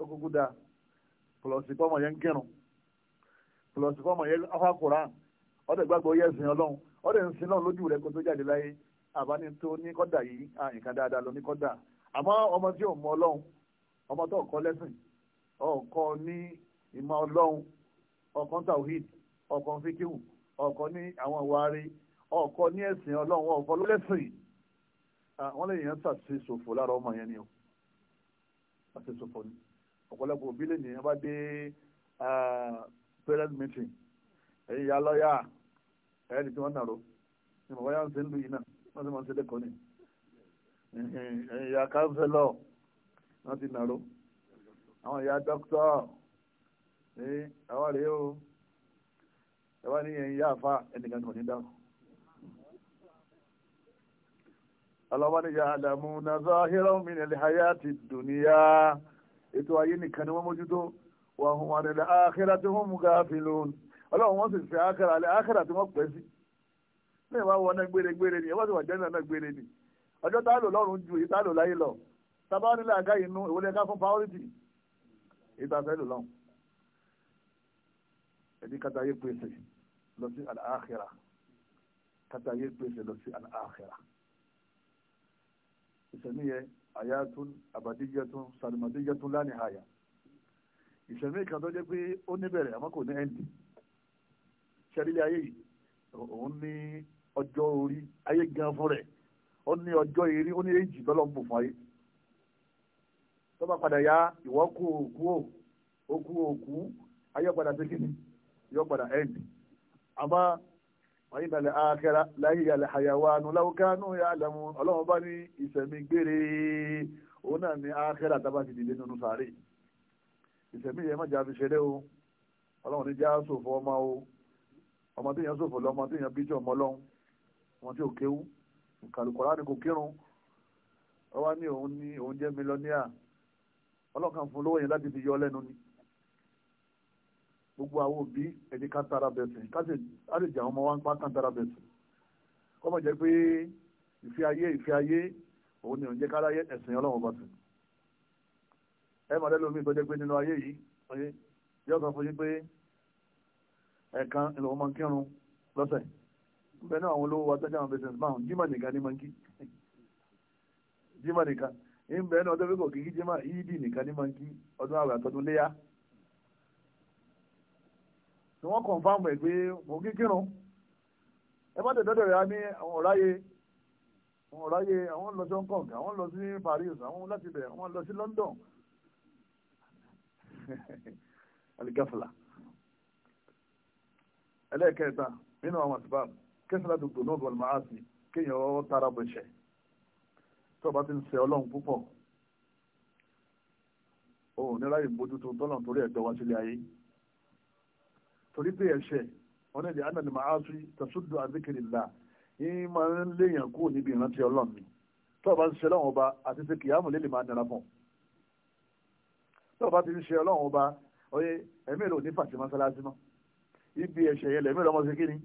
okuku da pọlọsi pọmọ yẹn ń kírun pọlọsi pọmọ yẹn afa koran ọdẹ gbàgbọ́ yẹ ẹsìn Ọlọ́run ọdẹ ń náà lójú rẹ kó tó jáde láyé àbáni tó ní kọdà yìí nǹkan dáadáa lọ ní kọdà àmọ́ ọmọ tí ò ọ̀kan tawhid ọ̀kan fikihu ọ̀kan ní àwọn ìwárí ọ̀kan ní ẹ̀sìn ọlọ́run ọ̀kan lọ́lẹ́sìn wọ́n lè yàn sàṣe ṣòfò lára ọmọ yẹn ni o àti ṣòfò ni ọ̀pọ̀lọpọ̀ òbí lè nìyẹn bá dé parent meeting ẹ̀yìn ya lọ́yà ẹ̀yìn tí wọ́n nàró ni bàbá yà ń ṣe ń lu yìí náà wọ́n ti máa ń ṣe lẹ́kọ̀ọ́ ni ẹ̀yìn ya kánsẹ́lọ̀ wọ́n ti nàró àwọn ìyá dókítà ní àwọn rèé o ẹ ní ẹ̀yìn yá àfa ẹnìkan kò ní dáhùn. ọlọ́wọ́ ni yàdàmú na záhírọ̀ min al-hayati dunya ètò ayé nìkan ni wọ́n mójútó wà hùn wà nílẹ̀ ákẹ́rà tí wọ́n mú gafilun ọlọ́run wọ́n sì fi ákẹ́rà alẹ́ ákẹ́rà tí wọ́n pẹ́ sí ní ìwà wọn náà gbére-gbére ni ìwọ́n sì wà jẹ́nà náà gbére ni ọjọ́ tá a lò lọ́run ju èyí tá a lò láyé lọ sábà nílẹ̀ àga inú ìwọlé ká fún priority èyí fẹ́ lò lọ́run ẹni kata yé pèsè lọ sí àlàáhìrà kata yé pèsè lọ sí àlàáhìrà ìsẹ̀mí yẹ àyàtún àbàdíjẹtún sàlùmàdíjẹtún lánìhàyà ìsẹ̀mí kan tó jẹ́ pé ó níbẹ̀rẹ̀ àmọ́ kò ní ẹ̀ǹdì ṣẹlẹ̀ ayé yìí òun ní ọjọ́ orí ayé gan fún rẹ̀ ó ní ọjọ́ eré ó ní èjì tọ́lọ́mù fún ayé tó bá padà yá ìwọ́kù òkú òkú òkú ayé padà sí kíni yóò padà end àmọ́ wọ́n yìí nàlẹ́ àkẹ́rà láyé ìyàlẹ̀ àyàwó àánú láwùkánú yà lẹ́mu ọlọ́run bá ní ìsẹ̀mí gbére òun náà ní àkẹ́rà tábà ti dìde nínú sàárè ìsẹ̀mí yẹn má jà fi ṣeré o ọlọ́run ní já sòfò ọmọ o ọmọ tó yẹn sòfò lọ́mọ tó yẹn bíjì ọmọ lọ́hún wọn tí ò kéwú nkàlùkọ́lá ni kò kírun ọwọ́ ní òun ní òun jẹ́ mílíọ̀nìyà ọlọ́kan fún lówó yẹn láti fi yọ lẹ́nu ni gbogbo àwọn òbí ẹni ká tara bẹ̀sìn ká lè jẹ àwọn ọmọ wa ń pa ká tara bẹ̀sìn kọ́mọ̀ jẹ́ pé ìfẹ́ ayé ìfẹ́ ayé òun ni òun jẹ́ kára ẹ̀sìn ọlọ́run bá sùn ẹ máa lẹ́nu omi ìtọ́jẹ́ pé nínú ayé yìí yóò sọ fún yín pé ìlú ọmọ kírun lọ́sẹ̀ bẹ́ẹ̀ náà àwọn olówó wa tẹ́jà àwọn business man jimá nìkan ní mọ́ńkì jimá nìkan ìbẹ̀ẹ́ náà ọjọ́ pé kò kí yídì nìkan ní tí wọ́n confam ẹ̀ pé mo kí kírun ẹ má tẹ̀dọ́dọ̀ rẹ̀ á ní àwọn ọ̀ráyé àwọn ọ̀ráyé àwọn lọ sí Hong Kong àwọn lọ sí Paris àwọn láti bẹ̀ àwọn lọ sí London aligafla ẹlẹ́ẹ̀kẹta nínú àwọn àtibáàbù kẹsàn-án láti gbòòrò náà bọ̀lùmọ́ àti kéèyàn ọ́ tara bọ̀ ṣẹ̀ tó bá ti ń ṣe ọlọ́run púpọ̀ òun ní ráyè mójútó tọ́lọ̀ torí ẹ̀dọ́ wá sílé ayé torí pé ẹ̀ṣẹ̀ ọ̀nà ìdí àná ni màá sí tasudu azikrillah yín máa ń léèyàn kúrò níbi ìrántí ọlọ́run ni tó o bá ń ṣe ọlọ́run ọba àti ṣe kìyàmù lè lè máa nira fún tó o bá ti ń ṣe ọlọ́run ọba ọyẹ ẹ̀mí rẹ̀ ò ní fàṣẹ mọ́sálásí mọ́ ibi ẹ̀ṣẹ̀ yẹn lẹ̀mí lọ́mọ ṣe kí ni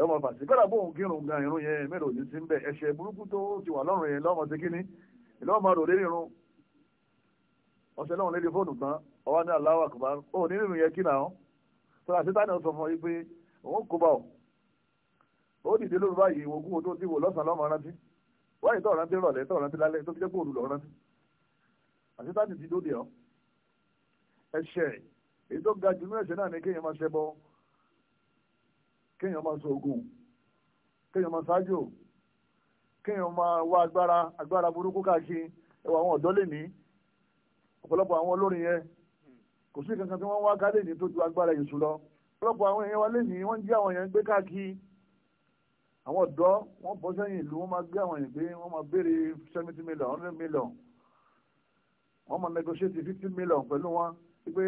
lọ́mọ fàṣẹ kọ́dà bóun kírun gan irun yẹn ẹ̀mí rẹ̀ ò ní sí ń ẹ̀ṣẹ̀ burúkú tó ti wà lọ́rùn yẹn lọ́mọ ṣe kí ni lọ́mọ rò lérí irun ọ̀sẹ̀ lọ́run lé sọ̀rọ̀ àti táyà náà sọ fún ọ yìí pé òun kó bá ọ ó dìde lóru báyìí ìwò gún odó tí wò lọ́sàn-án lọ́mọ rántí wáyé tó rántí rọ̀lẹ́ tó rántí lálẹ́ tó fi jẹ́ kóòlù lọ rántí àti táyà ti dóde ọ ẹ̀ṣẹ̀ èyí tó ga jù ní náà ni kéèyàn máa ṣẹbọ kéèyàn máa sọ ogun kéèyàn máa ṣáájò kéèyàn máa wá agbára agbára burúkú káàkiri ẹwà àwọn ọ̀dọ́ lè ní ọ̀pọ̀lọpọ̀ àwọn olórin yẹn kò sí kankan tí wọ́n wá ká lẹ́yìn tó ju agbára èṣù lọ ọ̀pọ̀lọpọ̀ àwọn èèyàn wa lẹ́yìn wọ́n jí àwọn èèyàn gbé káàkiri àwọn ọ̀dọ́ wọ́n bọ́ sẹ́yìn ìlú wọ́n máa gbé àwọn èèyàn gbé wọ́n máa béèrè seventy million hundred million wọ́n máa negotiate fifty million pẹ̀lú wọn pé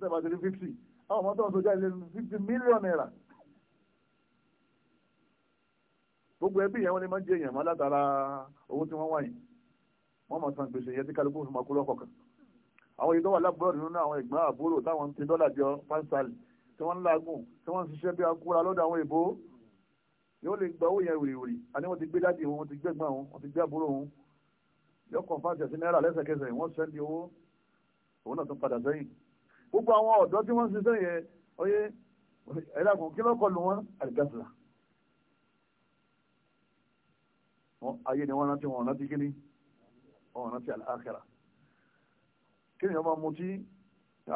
sẹ́ẹ̀bà ti fifty àwọn ọmọ tó ń sọjá ilé fifty million naira gbogbo ẹbí yẹn wọ́n lè máa jẹ èèyàn mọ́ látara owó tí wọ́n wáyìn wọ́n máa san gbèsè yẹn tí kálukú fi máa kú lọ́kọ̀ọ̀kan àwọn èyí tó wà lábúrọ̀dù nínú àwọn ẹ̀gbọ́n àbúrò táwọn ń ti dọ́là jọ pásítálì tí wọ́n ń làágùn tí wọ́n ń ṣiṣẹ́ bí akúra lọ́dọ̀ àwọn èbó yóò lè gba owó yẹn wìrìwìrì àní wọ́n ti gbé dáàdì wọn wọ́n ti gbé ẹ̀gbọ́n wọn wọ́n ti gbé àbúrò wọn yóò kàn fáṣẹ sí náírà lẹ́sẹ̀kẹsẹ̀ wọ́n sẹ́ndì owó òun náà tún padà sẹ́yìn gbogbo àwọn ọ̀dọ́ tí wọ́n ń ṣiṣẹ́ yẹn ni wọ́n rántí wọn kéèyàn máa mutí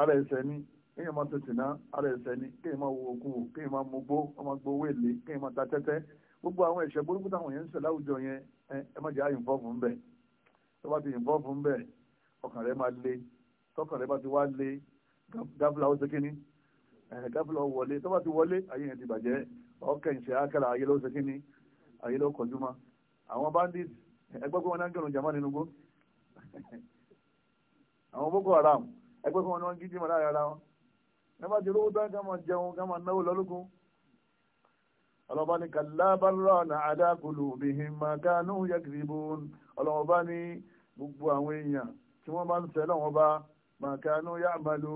ara ẹ̀ṣẹ̀ ni kéèyàn máa tètè ná ara ẹ̀ṣẹ̀ ni kéèyàn máa wo okú kéèyàn máa mugbó wọ́n máa gbowó èlé kéèyàn máa ta tẹ́tẹ́ gbogbo àwọn ẹ̀ṣẹ̀ burúkú táwọn yẹn ń ṣe láwùjọ yẹn ẹ má jẹ́ àyìnbọ́ọ̀fù ń bẹ̀ tó bá ti yìnbọ́ọ̀fù ń bẹ̀ ọkàn rẹ máa le tọkàn rẹ bá ti wá le gáfúlà ó ṣe kíní gáfúlà ó wọlé tó bá ti wọlé ayé yẹn ti bàjẹ́ ọkẹ́ ìṣẹ́ akẹ́là bandits ẹgbẹ́ pé wọ́n náà ń gẹ̀rùn àwọn boko haram ẹgbẹ́ kan ni wọ́n jíjí mọ̀ láàrin ara wọn nígbà tí olówó tán ká máa jẹun ká máa náwó lọ́lọ́kùn ọlọ́ba ní kàlábàárà nà àdákùlù bìhìn máa kánú yẹgìrìbù ọlọ́ba ní gbogbo àwọn èèyàn tí wọ́n bá ń ṣe lọ́wọ́ bá máa kánú yàmàlú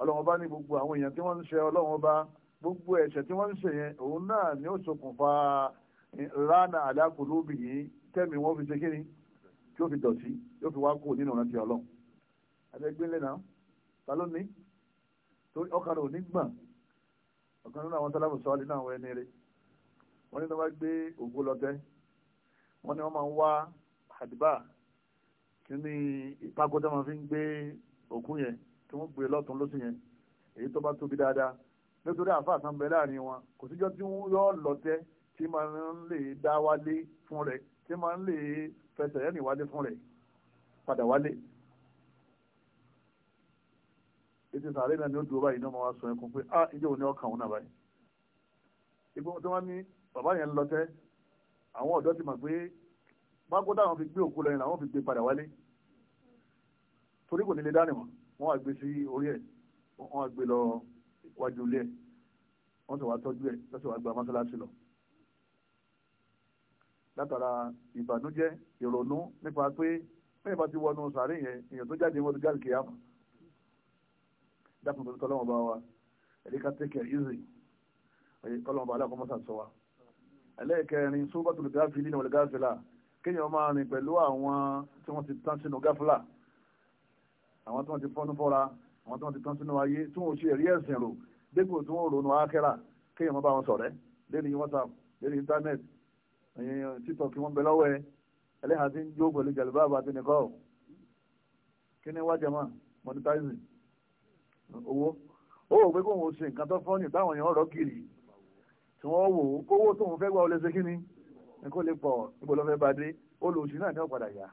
ọlọ́ba ní gbogbo àwọn èèyàn tí wọ́n ń ṣe ọlọ́wọ́ bá gbogbo ẹ̀ṣẹ̀ tí wọ́n ń ṣe yẹn òun náà ni ó eh, àbẹ́gbẹ́lẹ̀ náà ta ló ní torí ọkàn rẹ̀ ò ní gbọ̀n ọ̀kan nínú àwọn sálábù sọ́ọ́lì náà wọ ẹni rẹ̀ wọ́n ní wọ́n bá gbé ògbó lọ́tẹ́ wọ́n ní wọ́n máa ń wá àdìbà kí ni ìpàgọ́dá máa fi ń gbé òkú yẹn tí wọ́n gbé lọ́tún lóṣù yẹn èyí tó bá tóbi dáadáa nítorí àfáà kan bẹ láàrin wọn kò síjọ́ tí wọ́n yọ lọ́tẹ́ tí máa ń lè dá wálé fún rẹ̀ tí máa ń lè fẹsẹ̀ yẹn ní wálé fún rẹ̀ padà wálé ètò sàárè náà ni ó dúró báyìí ní ọmọ wa sọ ẹkún pé ah ìjọ òní ọkàn òun náà báyìí ìgbọ́n tó wá ní bàbá yẹn lọ tẹ́ àwọn ọ̀dọ́ ti mọ̀ pé bákó táwọn fi gbé òkú lọ yẹn làwọn fi gbé padà wálé torí kò ní lè dánimọ̀ wọ́n wá gbé sí orí ẹ̀ wọ́n wá gbé lọ wájú ilé ẹ̀ wọ́n sì wá tọ́jú ẹ̀ wọ́n sì wá gba mọ́sálásí lọ látara ìbànújẹ́ ìrònú nípa pé bẹ́ẹ̀ bá ti wọnú sàárè yẹn èèyàn tó jáde wọn ti jáde kìí àmọ́ dákun tó tọ́lọ́wọ́n bá wa ẹ̀rí ká tẹ́kẹ̀ ìzì ọlọ́wọ́n bá aláàkọ́ mọ́sà sọ wa ẹlẹ́ẹ̀kẹrin súnbàtúlù gáfìlì náà wọlé gáfìlà kéèyàn máa rìn pẹ̀lú àwọn tí wọ́n ti tán sínú gáfìlà àwọn tí wọ́n ti fọ́nú fọ́ra àwọn tí wọ́n ti tán sínú ayé tí wọ́n ò ṣe ẹ̀rí ẹ̀sìn rò dégbò tí wọ́n ronú ákẹ́rà kéèyàn máa bá wọn ṣọ̀rẹ́ lórí whatsapp lórí internet tiktok wọn bẹ lọ́wọ́ ẹ ẹlẹ́hàá ti ń jó pẹ̀lú jàlùbá àbàtì nìkọ́ kí ni wájà máa monetizing owó ó wò pé kóun ṣe nǹkan tó fọ́nì táwọn èèyàn rọ̀ kiri tí wọ́n wò ó kówó tóun fẹ́ gbà ó lè ṣe kí ni ní kó lè pọ̀ níbo ló fẹ́ bá dé olùsí náà ní ọ̀padà yá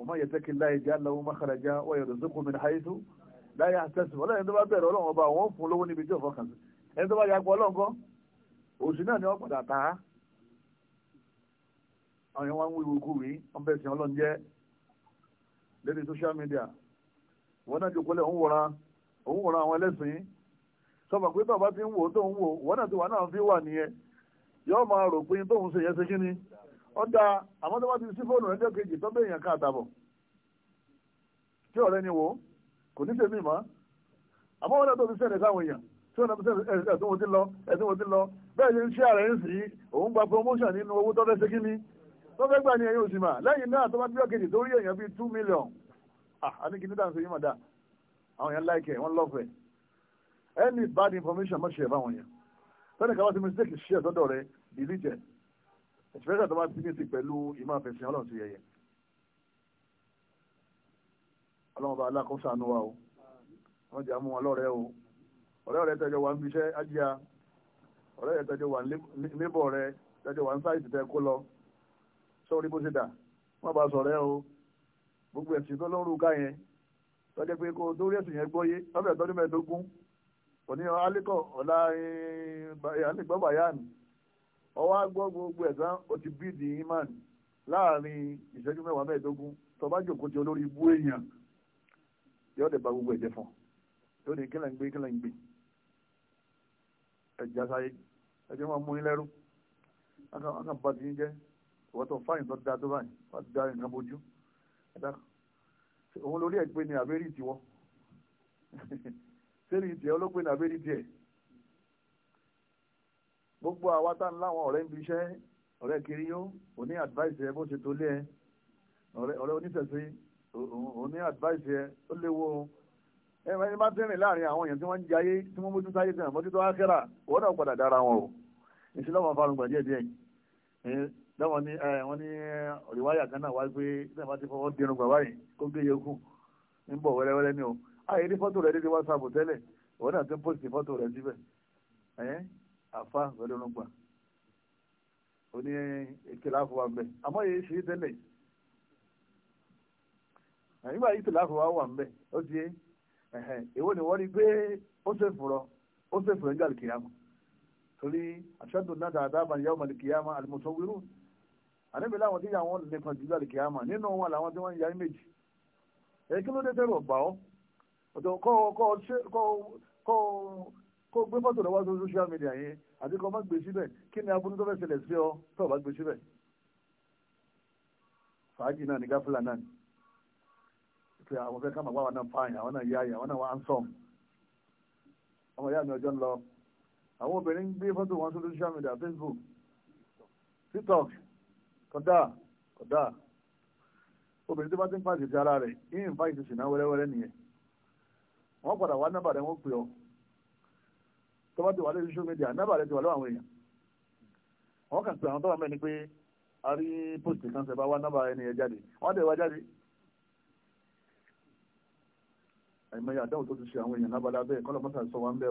ọmọ yẹ tẹ́kí láì já lọ́wọ́ mákàrájá wọ́n yẹ lọ́sọ́kù mi háyétú láyé àtẹ́sùn ọlọ́run ẹni tó bá bẹ̀rẹ̀ ọlọ́run ọba wọn fún lówó níbi tí ọ̀fọ́ kan sí ẹni tó bá yà pọ̀ ọlọ́run kọ́ òsì náà ní ọ̀padà tá a àwọn yẹn wá ń wíwú kúwìí wọ́n bẹ̀ sìn ọlọ́run jẹ́ lórí social media wọn náà jókòó lẹ̀ ń wòran òun wòran àwọn ẹlẹ́sìn sọmọ pé bàbá ti ń wò tó ń wò wọn náà ti wà náà fi wà nìyẹn yóò máa rò pé tóun ṣe yẹn ṣe kí ni ọ̀dà àmọ́ tó bá ti sí fóònù ẹjọ́ kejì tó bẹ́ẹ̀ yàn ká àtàbọ̀ tí ọ̀rẹ́ ni wò kò ní tèmi mọ́ àmọ́ wọn náà tó ti sẹ́lẹ̀ sáwọn èèyàn tí wọn náà ti ẹ̀sìn wọn ti lọ ẹ̀sìn wọn ti lọ bẹ́ẹ̀ ni iṣẹ́ rẹ̀ ń sì òun gba promotion nínú owó tó fẹ́ ṣe kí ni tó fẹ́ gbà ní ẹ̀yìn òsì mà lẹ́yìn náà tó bá ti yọ kejì tó rí èèyàn bíi two million Ah, àníkì ní dáhùn sí yíma dá àwọn èèyàn láìkẹ́ wọ́n lọ́fẹ̀ẹ́ any bad information má ṣe ẹ̀ báwọn yẹn tẹ́lẹ̀ káwá ti mistake ṣe ẹ̀sọ́dọ̀ rẹ delete ẹ̀ especially tó bá ti ní sí pẹ̀lú ìmọ̀ àfẹ̀sìn ọlọ́run sí yẹyẹ ọlọ́run bá alákòóso àánú wa o wọ́n jẹ́ àmú wọn lọ́rẹ́ o ọ̀rẹ́ rẹ tẹ́jọ wà ń bíṣẹ́ ájíá ọ̀rẹ́ rẹ tẹ́jọ wà níbọ̀ rẹ tẹ́jọ wà ń sáìsì tẹ́ kó lọ sọ́ọ́rí bó ṣe dà wọ́n bá sọ̀rẹ́ o gbogbo ẹ̀sìn tó lọ́rùn ká yẹn tọ́jẹ́ pé kó tó rí ẹ̀sìn yẹn gbọ́yé lọ́bẹ̀ tọ́dún mẹ́ẹ̀ẹ́dógún òní alikọ̀ ọ̀la eh, alìgbọ́bà yáàni ọwọ́ agbọ́ gbogbo ẹ̀sán ó ti bí di imán láàrin ìṣẹ́jú mẹ́wàá mẹ́ẹ̀ẹ́dógún tó bá jòkó ti olórí ibú èèyàn yóò dẹ̀ ba gbogbo ẹ̀jẹ̀ fún tó ní kílẹ̀ ń gbé kílẹ̀ ń gbé ẹ̀jẹ̀ asáyé ẹ̀jẹ̀ máa mú yín lẹ́rú wọn kàn bá ti yín jẹ́ ìwọ́n tó fáyìn tó dáa tó báyìí wọ́n ti dá nǹkan bójú ẹ̀dá òun lórí ẹ̀ pé ní abẹ́rì tiwọn sẹ́ni tiẹ̀ olóògbé ní abẹ́rì tiẹ̀ gbogbo àwa tá ń láwọn ọ̀rẹ́ ń bi iṣẹ́ ọ̀rẹ́ kiri yó òní advice ẹ bó ṣe tó lé ẹ ọ̀rẹ́ oníṣẹ̀ṣe òní advice ẹ ó léwo ẹ ẹni bá tẹ́rìn láàrin àwọn èèyàn tí wọ́n ń jayé tí wọ́n mójútó ayé tẹ̀wọ̀n mójútó ákẹ́rà wọ́n náà padà dára wọn o ìṣẹ́lẹ̀ wọn farun gbàjẹ́ díẹ̀ lọ́wọ́ ní ẹ wọ́n ní eh, eh, rìwáyà kan náà wáyé pé náà bá ti fọwọ́ dirun gbà báyìí kó gé yòókù ń bọ̀ wẹ́rẹ́wẹ́rẹ́ ni o àyè ah, ní fọ́tò rẹ̀ dédé wásaàpù tẹ́lẹ̀ òun náà ti ń pòsìtì fọ́tò rẹ̀ síbẹ̀ ẹ̀yẹ́ àfa pẹ̀lú orúngbà ó ní ìkìlá àfọwà mbẹ àmọ́ yìí ṣe é tẹ́lẹ̀ nígbà yìí ìkìlá àfọwà wà mbẹ ó ti ẹ̀hẹ̀ èwo ni wọ́n rí pé ó ṣe fùrọ̀ ó ṣe fùrọ̀ nígbà kìyàmù torí àṣàdùn náà dáadáa bá yàwó màlìkìyàmù àlùmọ̀tò wíwú àníbi láwọn tí yàwọn lè kan jù lálẹ́ kìámà nínú wọn làwọn tí wọ́n ń yarí méjì èyí kí ló dé tẹ́rù ọ̀bà ọ́ ọ̀tọ̀ kó gbé fọ́tò lọ́wọ́ sí social media yẹn àti kó má gbé síbẹ̀ kí ni aburú tó fẹ́ ṣẹlẹ̀ sí ọ tó bá gbé síbẹ̀ fàájì náà ní gáfúlà náà ni pé àwọn fẹ́ káàmà wáwọn náà fáyìn àwọn náà yáyìn àwọn náà wá ń sọ̀m ọmọ ìyá mi ọjọ́ ń lọ àwọn obìnrin ń gbé fọ́tò wọn sí social media Facebook TikTok kódà kódà obìnrin tó bá ti ń pàṣẹ ti ara rẹ̀ yìí ń fa ìṣẹ̀ṣẹ̀ náà wẹ́rẹ́wẹ́rẹ́ nìyẹn wọ́n padà wá nọ́bà rẹ̀ wọ́n pè ọ́ tó bá ti wà lórí social media nọ́bà rẹ̀ ti wà lọ́wọ́ àwọn èèyàn wọ́n kàn pé àwọn tó mẹ́ni pé a rí post kan wá nọ́bà ẹni yẹn jáde wọ́n dẹ̀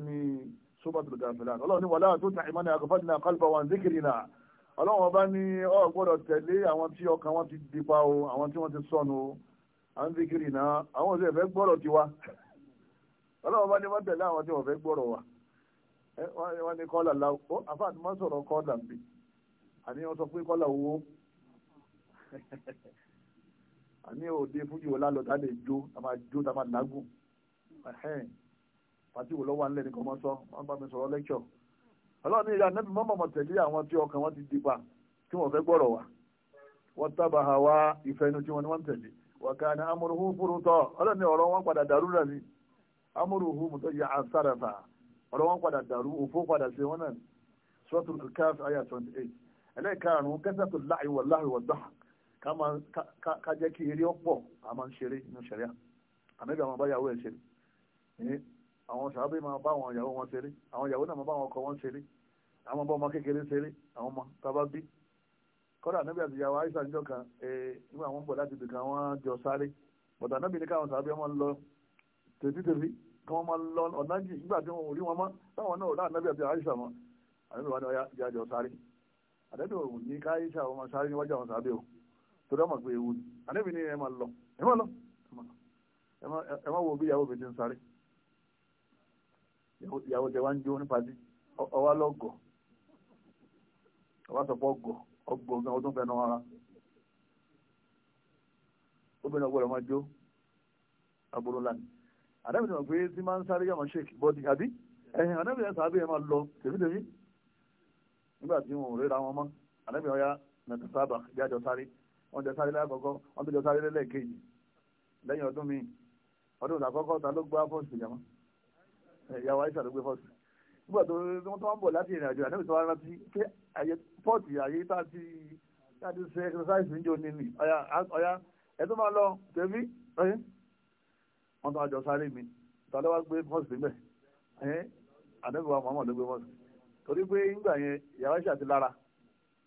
wá sóbàtúrò gàfẹ́lá ọlọ́run ní wàlá tó tàìmọ́ ní àgọ́fàdínà kálùbà wọn zikiri náà ọlọ́run ọba ní ọ gbọ́dọ̀ tẹ̀lé àwọn tí ọkàn wọn ti dipa o àwọn tí wọ́n ti sọnù àwọn zikiri náà àwọn òṣèlú fẹ́ gbọ́rọ̀ tiwa ọlọ́run ọba ní wọ́n tẹ̀lé àwọn tí wọ́n fẹ́ gbọ́rọ̀ wa wọ́n ní kọ́là la ó àfáàtì máa sọ̀rọ̀ kọ́là bí àní wọ́n sọ pé kọ́là owó àní òde fújì wọlá lọ tá a lè jó a máa jó tá a máa lágùn pàtí wò lọ́wọ́ nílẹ̀ nìkan mọ́ sọ wọ́n bá mi sọ̀rọ̀ lẹ́kṣọ̀ ọlọ́run ìyá nẹ́bí mọ́mọ́ tẹ̀lé àwọn tí ọkàn wọn ti di pa tí wọ́n fẹ́ gbọ́rọ̀ wá wọ́n tábà na wá ìfẹ́ inú tí wọ́n ní wọ́n tẹ̀lé wọ́ká ní amúrúhú fúrútọ́ ọlọ́run ní ọ̀rọ̀ wọn padà dàrú rẹ̀ ni amúrúhú mọ̀tọ́ yà á ọ̀rọ̀ wọn padà dàrú òfó padà sí wọn náà àwọn sàábé máa bá àwọn ìyàwó wọn ṣeré àwọn ìyàwó náà máa bá àwọn ọkọ wọn ṣeré àwọn ọmọ ọmọ kékeré ṣeré àwọn ọmọ tábà bí kọ́dà níbi àti ìyàwó àìsà níjọ kan e, nígbà wọn ń bọ̀ láti ibìkan wọn jọ sáré bọ̀dà níbi ní káwọn sàábé máa ń lọ tètítètí kí wọ́n máa ń lọ ọ̀nà jì nígbà tí wọn ò rí wọn mọ́ táwọn náà láà níbi àti àìsà mọ́ àdébí wọn ni wọn yà jọ sáré àdébí ò ní ká àìsà wọn sáré níwájú o torí wọn mọ̀ pé ewu ni àdébí ni ẹ máa lọ ẹ máa lọ ẹ máa wo bí ìyàwó mi ti ìyàwó tẹ wá ń jó nípa sí ọwá lọ́gọ̀ ọwá sọpọ̀ ọgọ̀ ọgbọ̀ gan ọdún fẹ́ràn ara obìnrin ọgbọ̀rọ̀ máa jó agbóró lánìí àdábìnrin ọ̀gbẹ́ tí máa ń sáré yàmọ̀ ṣèkì bọ́dì àbí ẹ̀hìn àdábìnrin sàábì ẹ̀ máa lọ tèmítèmí nígbà tí wọn ò ríra wọn mọ́ àdábìnrin ọya nàìjíríà sábà jájọ sáré wọn jọ sáré lákọ̀ọ́kọ́ wọn tó jọ sáré lẹ́lẹ́kejì lẹ́yìn ọdún míì ọdún ìlàkọ́kọ́ ta ló gbá fọ́ọ̀sì ìjàmọ́ ìyàwó àyíṣà gbé fọ́ọ̀sì nígbà tó wọ́n tó wọ́n bọ̀ láti ìrìn àjò ànábì tó rántí pé àyè pọ́ọ̀tì àyè tá a ti tá a ti ṣe exercise níjó ni nì ọ̀yà ẹ̀ tó máa lọ tẹ̀mí wọ́n tó àjọ sáré mi tó alẹ́ gbé fọ́ọ̀sì níbẹ̀ ẹ̀yìn wa Muhammad ló gbé fọ́ọ̀sì torí pé nígbà yẹn ìyàwó àyíṣà ti lára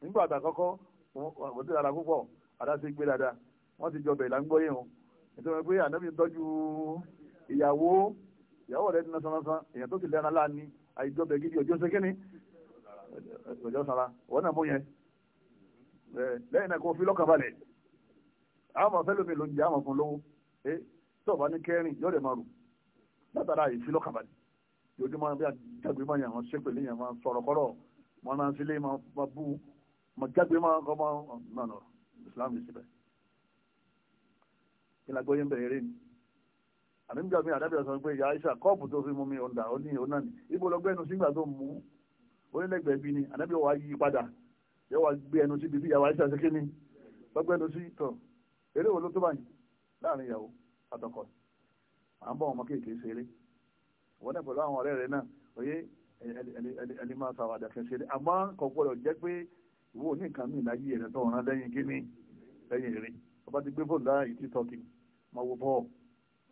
nígbà àtàkọ́kọ́ kò sí lára púpọ̀ àdáṣe gbé dáadáa wọ́n ti jọ bẹ̀rẹ̀ ìyàwó rẹ̀ dínà sánlásán èèyàn tó ti lẹ́ran láàánú àìjọ bẹ̀ gidi ọjọ́ ṣe kíni ọjọ́ sara wọ́n náà mú yẹn lẹ́yìn náà kò fi lọ́kàn balẹ̀ àmọ̀ fẹ́ lómi ló ń jẹ́ àmọ̀ fún lówó ẹ tó bá ní kẹrin yóò rẹ̀ máa rù látara ìfi lọ́kàn balẹ̀ yóò máa bí àjàgbé máa yàn wọn ṣépè lẹ́yìn àwọn sọ̀rọ̀ kọ́rọ̀ wọn náà sílé máa bú máa jágbé máa kọ́ máa nà Islam yìí síbẹ̀ kí ànígbà mi àdábìyà sọ pé ìyá aisha kọ́ọ̀pù tó fi mú mi ọ̀dà ó ní ọ̀nà ni ibo lọ gbé ẹnu sígbà tó mú onílẹ̀gbẹ̀ẹ́ bí ni àdábìyà wa yí padà yẹ wa gbé ẹnu síbi bí ìyá aisha ṣe kí ni lọ́gbẹ́ ẹnu sí tọ̀ eré wo ló tó báyìí láàrin ìyàwó àtọkọ à ń bọ̀ ọmọ kéèké ṣeré wọn náà pẹ̀lú àwọn ọ̀rẹ́ rẹ náà oyé ẹni máa sọ àwàdà kan ṣeré àmọ́ kò jẹ́ pé ìwọ ní nǹkan mìíràn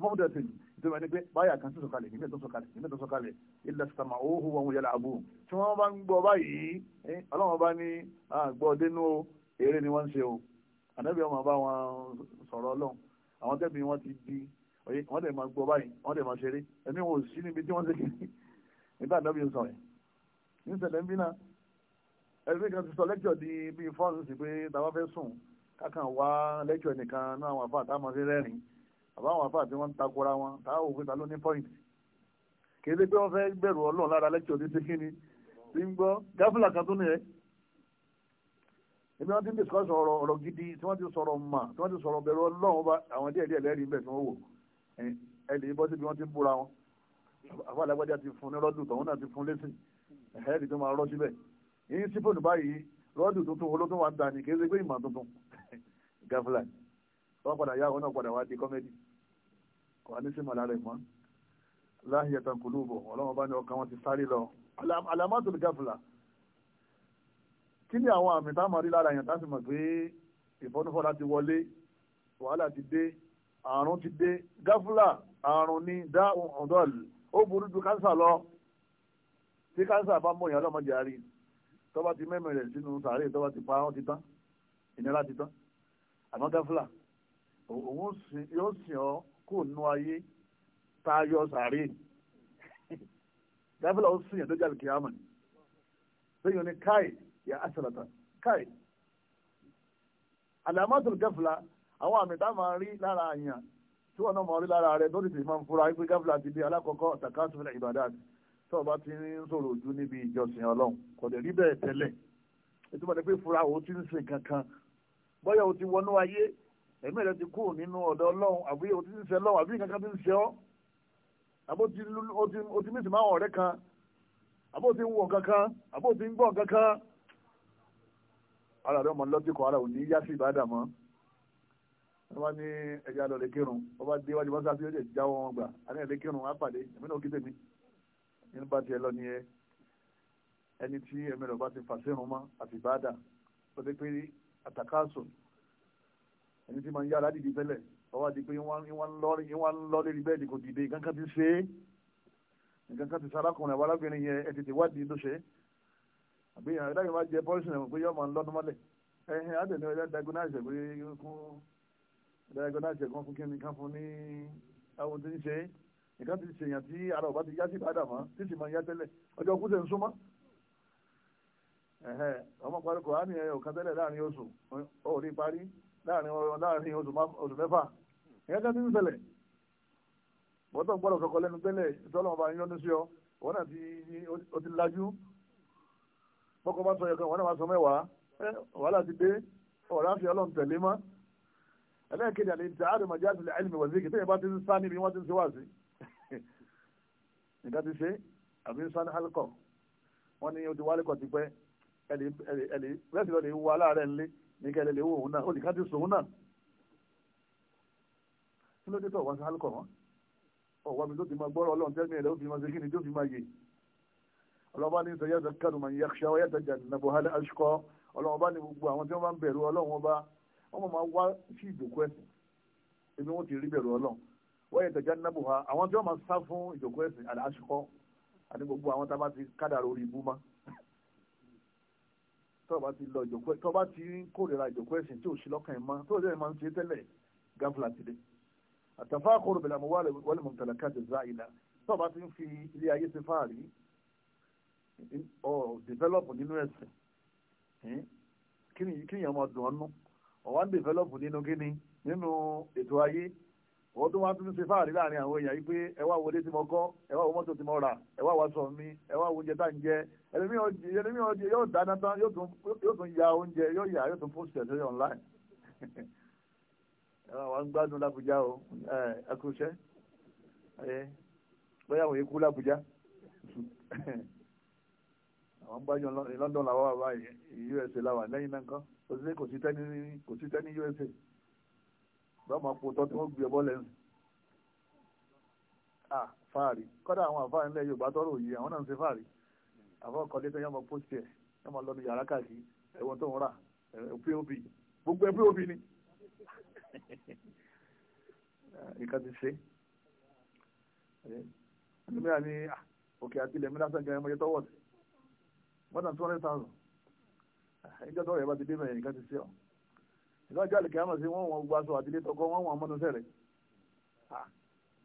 mọ́kúndà tèmi ìjọba ni pé báyà kan sí sọ̀kalẹ̀ nígbà tó sọ̀kalẹ̀ nígbà tó sọ̀kalẹ̀ ilẹ̀ sàmà òhù wọn yẹlẹ àbò tí wọ́n bá ń gbọ́ báyìí eh, ọlọ́wọ́n bá ní àgbọ̀ dénú o eré ni wọ́n ń ṣe o ànábì ọmọ bá wọn sọ̀rọ̀ ọlọ́run àwọn tẹ́mi wọn ti di wọ́n dẹ̀ máa gbọ́ báyìí wọ́n dẹ̀ máa ṣeré ẹ̀mí wọn ò sí níbi tí wọ́n ṣe kiri nígbà ànábì ń sọ̀rọ̀ ní sẹ̀lẹ̀ ń bínà ẹ̀rí kan ti sọ lẹ́kọ̀ọ́ di bíi fọ́ọ̀nù sí pé táwa fẹ́ sùn kákan wá lẹ́kọ̀ọ́ nìkan náà àwọn àfáà táwọn fi rẹ́rìn-ín àbáwọn àfáà tí wọ́n ń takora wọn táwọn òfin ta ló ní point kìí ṣe pé wọ́n fẹ́ bẹ̀rù ọlọ́run lára lẹ́kìọ́ ní sikini tí ń gbọ́ gáfìlà kan tó nìyẹn ebi wọ́n ti ń discuss ọ̀rọ̀ ọ̀rọ̀ gidi tí wọ́n ti sọ̀rọ̀ mà tí wọ́n ti sọ̀rọ̀ bẹ̀rù ọlọ́run bá àwọn díẹ̀ díẹ̀ lẹ́rìí bẹ̀ tí wọ́n wò ẹ̀ẹ́dì bọ́ síbi wọ́n ti ń búra wọn àfáà lágbájá ti fún ní rọ́dù tọ̀hún náà ti fún lẹ́sìn ẹ̀ẹ́dì tó máa rọ́ síbẹ̀ yìí sí báyìí rọ́dù tuntun olótún wa ń dání kì í ṣe pé ìmọ̀ tuntun gáfìlà wọ́n padà yá wọn náà padà wá di kọ́mẹ́dì kò wá ní sí màlá rẹ̀ mọ́ láàyè tán kò lóòbọ̀ ọlọ́run bá ní ọkàn wọn ti sáré lọ àlàmọ́tò lè gáfìlà kí ni àwọn àmì táwọn rí lára yẹn táwọn mọ̀ pé ìfọ́nufọ́ra ti wọlé wàhálà ti dé àrùn ti dé gáfìlà àrùn ni dá ọ̀dọ́ọ̀lù ó burú ju kánsà lọ tí kánsà bá mọ̀ yàn lọ́mọdé àárín tọ́ba ti mẹ́mẹ́ rẹ̀ sínú sàárè tọ́ba ti pa wọ́n ti tán ìnira ti tán àmọ́ gáfìlà òun yóò sìn ọ́ kò nú ayé tayọ sàárè dábìlà ó sì yàn tó jáde kìámà ni sẹ́yìn oní káì yà àṣàlàtà káì àlàmọ́tòlù gẹ́fìlà àwọn àmì tá máa rí lára àyàn tí wọn náà máa rí lára rẹ lórí tèmi máa wípé gẹ́fìlà ti di alákọ̀ọ́kọ́ tàkàtù fún ìbàdàn tó o bá ti ń sọ̀rọ̀ ojú níbi ìjọsìn ọlọ́run kò dẹ̀ rí bẹ́ẹ̀ tẹ́lẹ̀ ètò ìbàdàn pé fura o ti ń sìn kankan bọ́yá o ti wọnú ayé ẹ̀mí rẹ ti kú nínú ọ̀dọ̀ ọlọ́run àbí o ti ń ṣe ọlọ́run àbí kankan ti ń ṣe ọ́ àbó ti mísì máa ọ̀rẹ́ kan àbó ti ń wọ̀ kankan àbó ti ń gbọ́ kankan ara rẹ ọmọ lọ́tíkọ̀ ara ò ní yá sí ìbádà mọ́ wọ́n bá ní ẹja lọ lè kírun wọ́n bá dé wájú wọ́n sáfì ọjọ́ ìjà wọn gbà àní ẹ̀ lè á pàdé èmi náà kíte mi bá tiẹ̀ lọ ní ẹ ẹni tí ẹ̀mí rẹ̀ bá ti fà sírun mọ́ àti ìbádà ó pé àtàkásùn ẹni tí máa ń yára dìde tẹ́lẹ̀ ọwọ́ àti pé wọ́n ń lọ lérí bẹ́ẹ̀dì kò dìde nǹkan kan ti ṣe é nǹkan kan ti ṣe arákùnrin àwọn arábìnrin yẹn ẹ tètè wádìí ló ṣe é àbí ẹ̀dá yìí máa jẹ pọ́lísìn ẹ̀mọ̀ pé yọ́ máa ń lọ́dún mọ́lẹ̀ ẹ̀hìn àdènà ẹ̀dá diagonize pé kún diagonize kan fún kíni kan fún ní àwọn tí ń ṣe é nǹkan ti ṣèyàn tí ara ọba ti yá sí padà mọ́ tí sì máa yá tẹ́lẹ̀ ọjọ́ kú tẹ̀ ń súnmọ́ ọmọ parí kò á ní ọ̀kan tẹ́lẹ̀ láàrin oṣù ó parí láàrin oṣù mẹ́fà ìyẹn tẹ́ ti ń ṣẹlẹ̀ wọ́n tó ń gbọ́dọ̀ kọ́kọ́ lẹ́nu gbẹ́lẹ̀ ìtọ́lọ́wọ́n bá yọ́nú sí ọ wọ́n náà ti lajú bọ́kọ́ bá sọ ẹ̀kan wọ́n náà wá sọ mẹ́wàá wàhálà ti dé ọ̀rá fi ọlọ́run tẹ̀lé mọ́ ẹlẹ́ẹ̀kejì àti ìta àdùmọ̀já àti ilmi wal zikr tẹ́yìn bá ti ń sá níbi wọ́n ti ń ṣe wá sí nǹkan ti ṣe àbí ń sá ní hálùkọ̀ wọ́n ní ojú wálùkọ̀ ti pẹ́ ẹ̀lì rẹ́sì lọ́ọ́ ní kẹ́lẹ́ lè wò òun náà ó ní ká ti sùn òun náà kí ló dé tó ọ̀wá sí alukọ̀ wọn ọ̀wá mi tó ti máa gbọ́rọ̀ ọlọ́run tẹ́lẹ̀ rẹ̀ ó fi máa ṣe kí ni tó fi máa yè ọlọ́ba ní sọ yàtọ̀ kánú mà ń yàkṣá ọ yàtọ̀ jà nàbọ̀ hálẹ̀ aṣọ ọlọ́run ọba ní gbogbo àwọn tí wọ́n bá ń bẹ̀rù ọlọ́run ọba wọ́n máa wá sí ìjòkó ẹ̀sìn ebi wọ́n ti rí bẹ̀rù ọlọ́run wọ́n yàtọ̀ tó bá ti lọ ìjòkó tó bá ti ń kórìíra ìjòkó ẹ̀sìn tí ò sí lọ́kàn ẹ̀ mọ́ tó lè máa ń ṣe tẹ́lẹ̀ gáfúlà ti dé àtàfà kóró bẹ̀rẹ̀ àmọ́ wọlé mọ̀tàlá káàdì zá ìlà tó bá ti ń fi ilé ayé ti fáàrí ọ̀ dìvẹ́lọ́pù nínú ẹ̀sìn kí ni ìyàmọ̀ dùn ọ́nú ọ̀wá ń dìvẹ́lọ́pù nínú kíni nínú ètò ayé wọ́n tó máa tún ṣe fáàrí láàrin àwọn èèyàn yìí pé ẹ wá wọlé tí mo kọ́ ẹ wá wo mọ́tò tí mo rà ẹ wá wá mi ẹ wo oúnjẹ tá ń jẹ ẹlẹ́mí ọjẹ yóò dáná tán yóò tún ya oúnjẹ yóò yà yóò tún post ẹ̀ lórí online ẹ wá ń gbádùn lábújá o ẹ kò ṣẹ́ bóyá àwọn ikú lábújá àwọn gbájú London làwọn wà báyìí USA làwọn lẹ́yìn náà kan kò sí tẹ́ ní USA lọ́mọ kó tọ́ tí wọ́n gbé ọbọ̀ lẹ́nu ah fáàrí kọ́dà àwọn àfáà ńlẹ̀ Yorùbá tọ́rọ òye àwọn náà ń ṣe fáàrí àwọn kọ́lé tó yọmọ pósìtì ẹ̀ yọmọ lọ́nu yàrá káàkiri ẹ̀wọ̀n tó ń rà pop gbogbo ẹ̀ pop ni nǹkan ti ṣe ẹlòmíràn ní òkè àti ilẹ̀ mílásán gan ẹmọ yẹ tọ́wọ́ sí more than two hundred thousand ẹjọ́ tọ́wọ́ yẹ bá ti dé mẹ́rin nǹkan ti ṣe ọ́ ìlọ́jọ́ àlèkè àmọ̀ sí wọ́n wọn gbogbo aṣọ àti ilé tọkọ wọ́n wọn mọ́nu sẹ́rẹ̀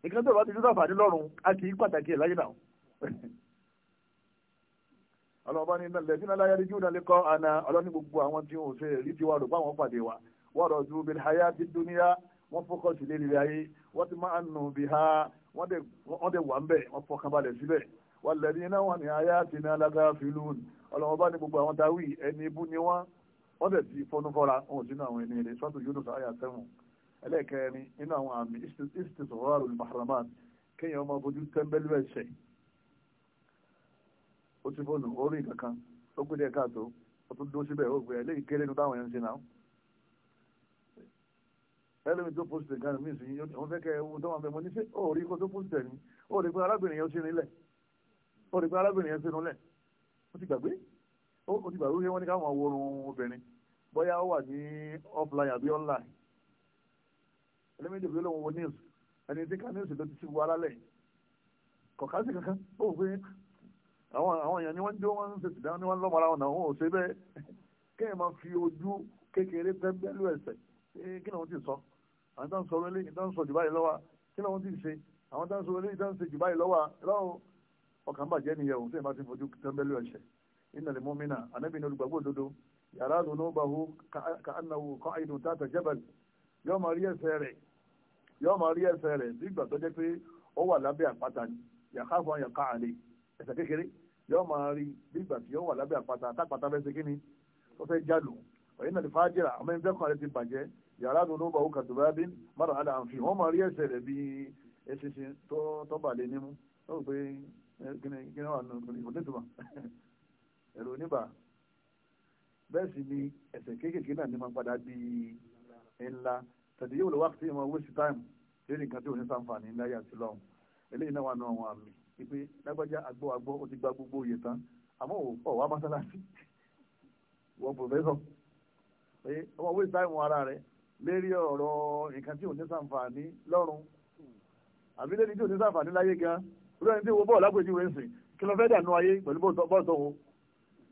nǹkan tó bá ti dúdà fàdí lọ́rùn a kì í pàtàkì ẹ̀ láyé náà ọlọ́ọ̀bá ní ilẹ̀ tí náà yára júùdà lè kọ́ àná ọlọ́ní gbogbo àwọn tí wọ́n ṣe rí ti wà rò báwọn pàdé wa wọ́n rọ̀ ju bil hayati dunya wọ́n fọ́kọ̀sì lé lílẹ̀ ayé wọ́n ti máa ń nù bí ha wọ́n dẹ̀ wà ń bẹ̀ wọ́n fọkàn balẹ̀ síbẹ̀ wọ́n lẹ́ni náà wọ́n ní ayatina lagaafilun ọlọ́ọ̀bá ní gbogbo àwọn táwí ẹni ibú ni wọ́n wọ́n dẹ̀ ti fọnú fọ́ra wọn ò sínú àwọn ẹni rẹ̀ sọ́tò Yunus àyà sẹ́wọ̀n ẹlẹ́ẹ̀kẹrin nínú àwọn àmì istisraru mahraman kéèyàn máa fojú tẹ́ḿbẹ́lú ẹ̀ṣẹ̀ ó ti fóònù orí kankan ó gbé díẹ̀ káàtó ó tún dúró síbẹ̀ ó gbé e, eléyìí kéré nu táwọn yẹn ń ṣe náà ẹlẹ́mi tó pósìtì kan mí sí wọ́n fẹ́ kẹ́ ewu tó wọn fẹ́ mọ́ ní sí ó rí kó tó pósìtì ẹ̀ ó rí pé arábìnrin yẹn ó sínú ilẹ̀ ó rí pé arábìnrin yẹn sínú ilẹ̀ ó ti gbàgbé ó ti gbàgbé wípé wọ́n ní káwọn worun obìnrin bóyá ó wà ní offline àbí online ẹlẹ́mìí dèbò lóun wo news ẹni tí ká news ló ti ti wọ alálẹ̀ kọ̀kásì kankan ó wò pé àwọn àwọn èèyàn ni wọ́n ń dúró wọ́n ń ṣe sìdá ni wọ́n ń lọ́mọ ara wọn náà wọn ò ṣe bẹ́ẹ̀ kéèyàn máa fi ojú kékeré pẹ́ńpẹ́lú ẹ̀sẹ̀ kí lóun ti sọ àwọn tó ń sọ orí lẹ́yìn tó ń sọ jù báyìí lọ́wọ́ kí lóun ti ṣe àwọn tó ń sọ orí lẹ́yìn tó ń ṣe jù báyìí lọ́wọ́ ọkàn bàjẹ́ nìyẹn òun tó yẹ innal mu'mina ànábì ní olùgbàgbọ́ òdodo yàrá lónà ó bá wo ká ànáwó kọ́ àìdùn tààtà jabal yóò máa rí ẹsẹ̀ rẹ̀ yóò máa rí ẹsẹ̀ rẹ̀ nígbà tó jẹ́ pé ó wà lábẹ́ àpáta ni yàká fún yàká àlè ẹsẹ̀ kékeré yóò máa rí nígbà tí ó wà lábẹ́ àpáta àtàpáta fẹ́ ṣe kíni tó fẹ́ jálù ọ̀yìn náà ti fàájìrà àmọ́ ẹni fẹ́kàn rẹ̀ ti bàjẹ́ yàrá lónà ó bá wo bí mara àlà àǹfì wọ́n máa rí ẹsẹ̀ rẹ̀ bíi eṣinṣin tó tó bà lé nímú ó rò kíni kíni wà nù kò ní ìtumọ̀ ẹ̀rọ oníbà bẹ́ẹ̀ sì ni ẹ̀ṣẹ̀ kéékèèké náà ní máa padà di ńlá tàbí yóò lọ wá sí ìmọ̀ waste time lórí nǹkan tí ò ní sàǹfààní ńlá yà sí lọ́hùn eléyìí náà wà nù àwọn àmì ìpè lágbájá agbó agbó ó ti gba gbogbo òye tán àmọ́ ò wá mọ́sálásí wọ́n pòfẹ́sọ̀ pé ọmọ waste time ara rẹ̀ lérí ọ̀rọ̀ nǹkan tí ò ní sàǹfààní lọ́rùn àbí lẹ́ni tí ò ní sàǹfààní láyé gan-an olóyìn tí wo bọ́ọ̀lù lápèjúwe ń sìn kí lọ fẹ́ dànù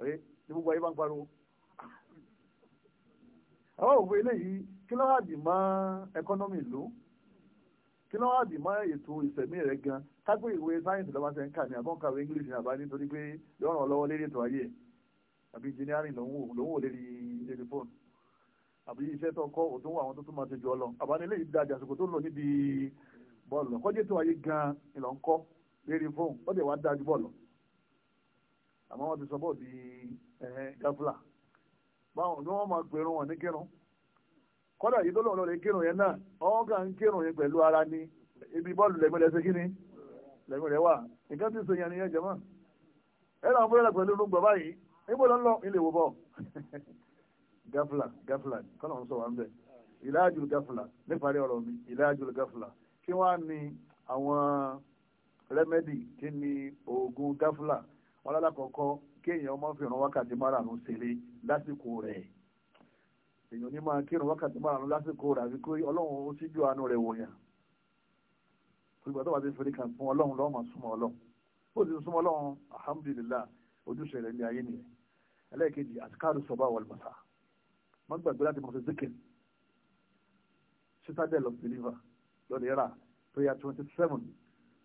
ẹ ní gbogbo ayé bá ń pariwo. àwọn òwe eléyìí kí ló wà dì mọ́ ẹkọ́nọ́mì ìlú kí ló wà dì mọ́ ètò ìsẹ̀mí rẹ̀ gan tágbé ìwé sáyẹ́ǹsì lọ́wọ́ ṣe ń kà ní àbọ̀nkàwé English ní àbá nítorí pé yọ̀ràn lọ́wọ́ lérí ètò ayé àbí engineering lòun wò lérí lérí fóònù àbí iṣẹ́ tó kọ́ òtún àwọn tó tún máa ṣe jù ọ lọ àbánilé ìdájà àsìkò tó lò níbi bọ́ọ̀lù kọ́jé tó ayé gan-an ìlọ ń kọ́ lérí fóònù ó dẹ̀ wá dájú bọ́ọ̀lù àmọ́ wọ́n ti sọ bọ́ọ̀ di gáfúlà báwọn ni wọ́n máa pèrún wọn ní kírun kọ́dà yìí tó lọ́wọ́ lọ́ọ́ lè kírun yẹn náà ọ̀hún kà ń kírun yẹn pẹ̀lú ara ni ibi bọ́ọ̀lù lẹ́gbẹ̀ẹ́ lẹ́sẹ̀ kí ni lẹ́gbẹ̀ẹ́ rẹ̀ wà nǹkan tí sèyàn ni yẹn jẹ́ mọ́ ẹ náà fúnra pẹ̀lú inú gbọ̀bá yìí níbo ló ń lọ ilé ìwòbọ̀ gáfúlà gáfúlà kọ́nà ń sọ wà ń bẹ̀ ìlàjù gáfúlà níparí ọ̀rọ̀ mi ìlàjù gáfúlà kí wọ́n á ní àwọn rẹ́mẹ́dì kí ni oògùn gáfúlà wọn lálàkọ̀ọ́kọ́ kéèyàn máa fi ìrun wákàtí márùn-ún ṣeré lásìkò rẹ̀ èèyàn ní máa kírun wákàtí márùn-ún lásìkò rẹ̀ àbí pé ọlọ́run ó síjú àánú rẹ̀ wòyàn ìgbà tó wà sí fèrè kan fún ọlọ́run lọ́wọ́ máa súnmọ́ ọlọ́run ó sì súnmọ́ ọlọ́run alhamdulillah ojúṣe rẹ̀ ní ayé nìyẹn ẹlẹ́ẹ̀kejì àtikáàrù sọ̀bà wal masa wọ́n gbàgbé láti mọ̀ọ́sẹ̀ zikir citadel of believer lọ́dẹ̀ prayer twenty seven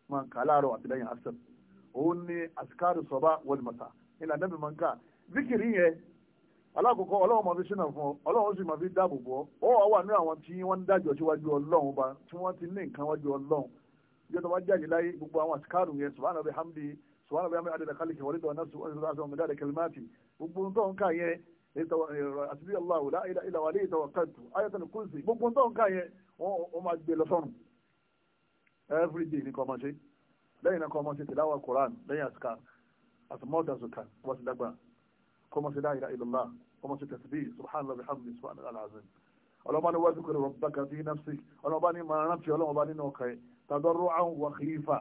máa ń kà á láàárọ̀ àtìlẹ́yìn asep òun ni àsìkáàrù sọba wọlùmọ̀tà ilẹ̀ àdẹ́bì máa ń kà zikiri yẹn alákòókò ọlọ́run máa fi sínà fún ọ ọlọ́run sì máa fi dáàbò bọ́ ọ wà wà ní àwọn tí wọ́n ń dájọ́ síwájú ọlọ́run ba tí wọ́n ti ní nǹkan wájú ọlọ́run yóò tó bá jáde láyé gbogbo àwọn àsìkáàrù yẹn subhanahu bi hamdi subhanahu bi hamdi adada kálíkì wọlé tó náà subhanahu bi hamdi adada kẹlímàtì gbogbo tó ń yẹn àtibí allah la ilaha illa huwa alayhi tawakkaltu ayatul kursi gbogbo tó ń yẹn wọ́n máa gbé lọ sọ́run every day ní kọ́ ṣe lẹ́yìn náà kọ́ ọmọ ṣe tìláwà Quran lẹ́yìn àsìkà àtúmọ̀dà zùkà wọ́n ti dàgbà kọ́ ọmọ ṣe la ilaha illallah ọmọ ṣe tẹ̀síbí subhanahu wa bihamdi subhanahu alazim ọlọ́ba ni wájú kúrò rabbaka fi nafsi ọlọ́ba ni máa rántí ọlọ́ba nínú ọkàn yìí tadarru'an wa khifa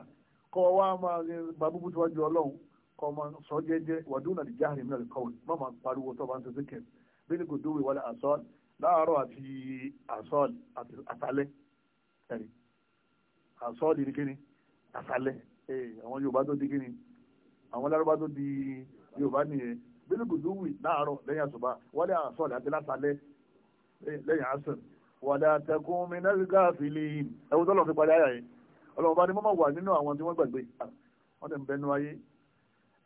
kọ́ wa máa gba búbú tí wájú ọlọ́run kọ́ máa sọ jẹ́jẹ́ wa duna al-jahri min al ní kò dúwe wala asal láàárọ̀ àti asal àkálẹ̀ àwọn yorùbá tó di kíni àwọn lárúbá tó di yorùbá nìyẹn bílíkù tó wì láàárọ̀ lẹ́yìn àṣùbà wálé àṣọlẹ àti látàlẹ eh, lẹ́yìn àṣẹ wàdà àtẹkùn mi náà gíga àfìlì ẹwù tó lọ fi parí àyà yẹn ọlọmọba ni mọmọ wà nínú àwọn tí wọn gbàgbé wọn tẹ ń bẹnu ayé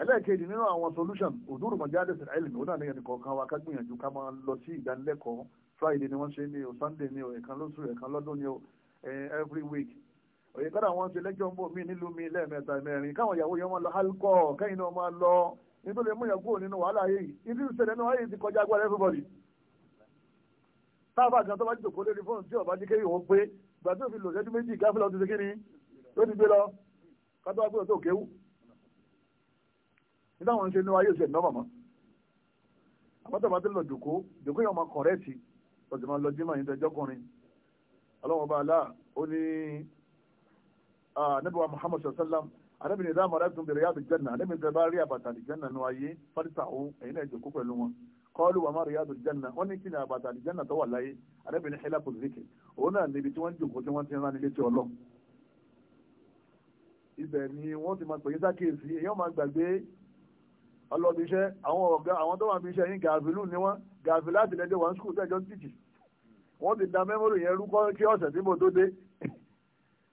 ẹlẹ́ẹ̀kejì nínú àwọn solution òdúró mọ̀jáde sẹ̀rẹ̀ ẹ̀lìmí ó náà ẹnì kọ̀ọ̀kan wa ká gbìyànjú ká máa lọ sí ìdánilẹ́kọ̀ọ́ friday ni wọ́n ṣe ní o sunday ni o ẹ̀kan lóṣù ẹ̀kan lọ́dún ni o eh, every week òye kọ́dà wọn ṣe lẹ́jọ́ ń bò mí nílùú mi lẹ́ẹ̀mẹ́ta mẹ́rin káwọn ìyàwó yẹn máa lọ alukọ́ kẹ́yìn náà máa lọ nítorí lè mú yẹn kúrò nínú wàhálà ayé yìí ibi ìṣẹ̀lẹ̀ náà ayé ti kọjá agbára everybody. táàbà kan tó bá jòkó lórí fóònù tí ọba jíkẹ́ yòó pé ìgbà tó fi lò sẹ́jú méjì gáfílà ọtí sekí ni ló ti gbé lọ kátó wá pé ọtó kéwú. nígbà wọn ṣe ní ayé ìṣẹ̀lẹ̀ náà màmá àmọ́ tó bá ti lọ jòkó jòkó yẹn máa kọ̀rẹ́ẹ̀tì ọ̀sẹ̀ máa lọ jímọ̀ yín tẹ́jọ́kùnrin ọlọ́wọ́n bá a lá ó ní anabiwa ah, muhammad sallam anabi ni dáhùn arábìnrin bẹ̀rẹ̀ yàtọ̀ jẹ́nà anabi ní bá rí àbàtà àlìjẹ́nà nù ayé fáríta òun èyí náà jòkó pẹ̀lú wọn kọ́ọ̀lù wà má rí yàtọ̀ jẹ́nà wọ́n ní kí ni àbàtà àlìjẹ́nà tó wà láyé anabi ní xilá kò zikì òun náà níbi tí wọ́n jòkó tí wọ́n ti rán nílé tí ọlọ́ ibẹ̀ ni wọ́n ti máa pè é sákèésí èyàn máa gbàgbé ọlọ́bíṣẹ́ àwọn ọ̀gá àwọn tó wà bí iṣẹ́ yín gàfìlù ni wọ́n gàfìlù láti lẹ́jọ́ wọn skul tẹ́jọ́ tìjì wọ́n ti da mẹ́mórì yẹn rú kí ọ̀sẹ̀ tí mo tó dé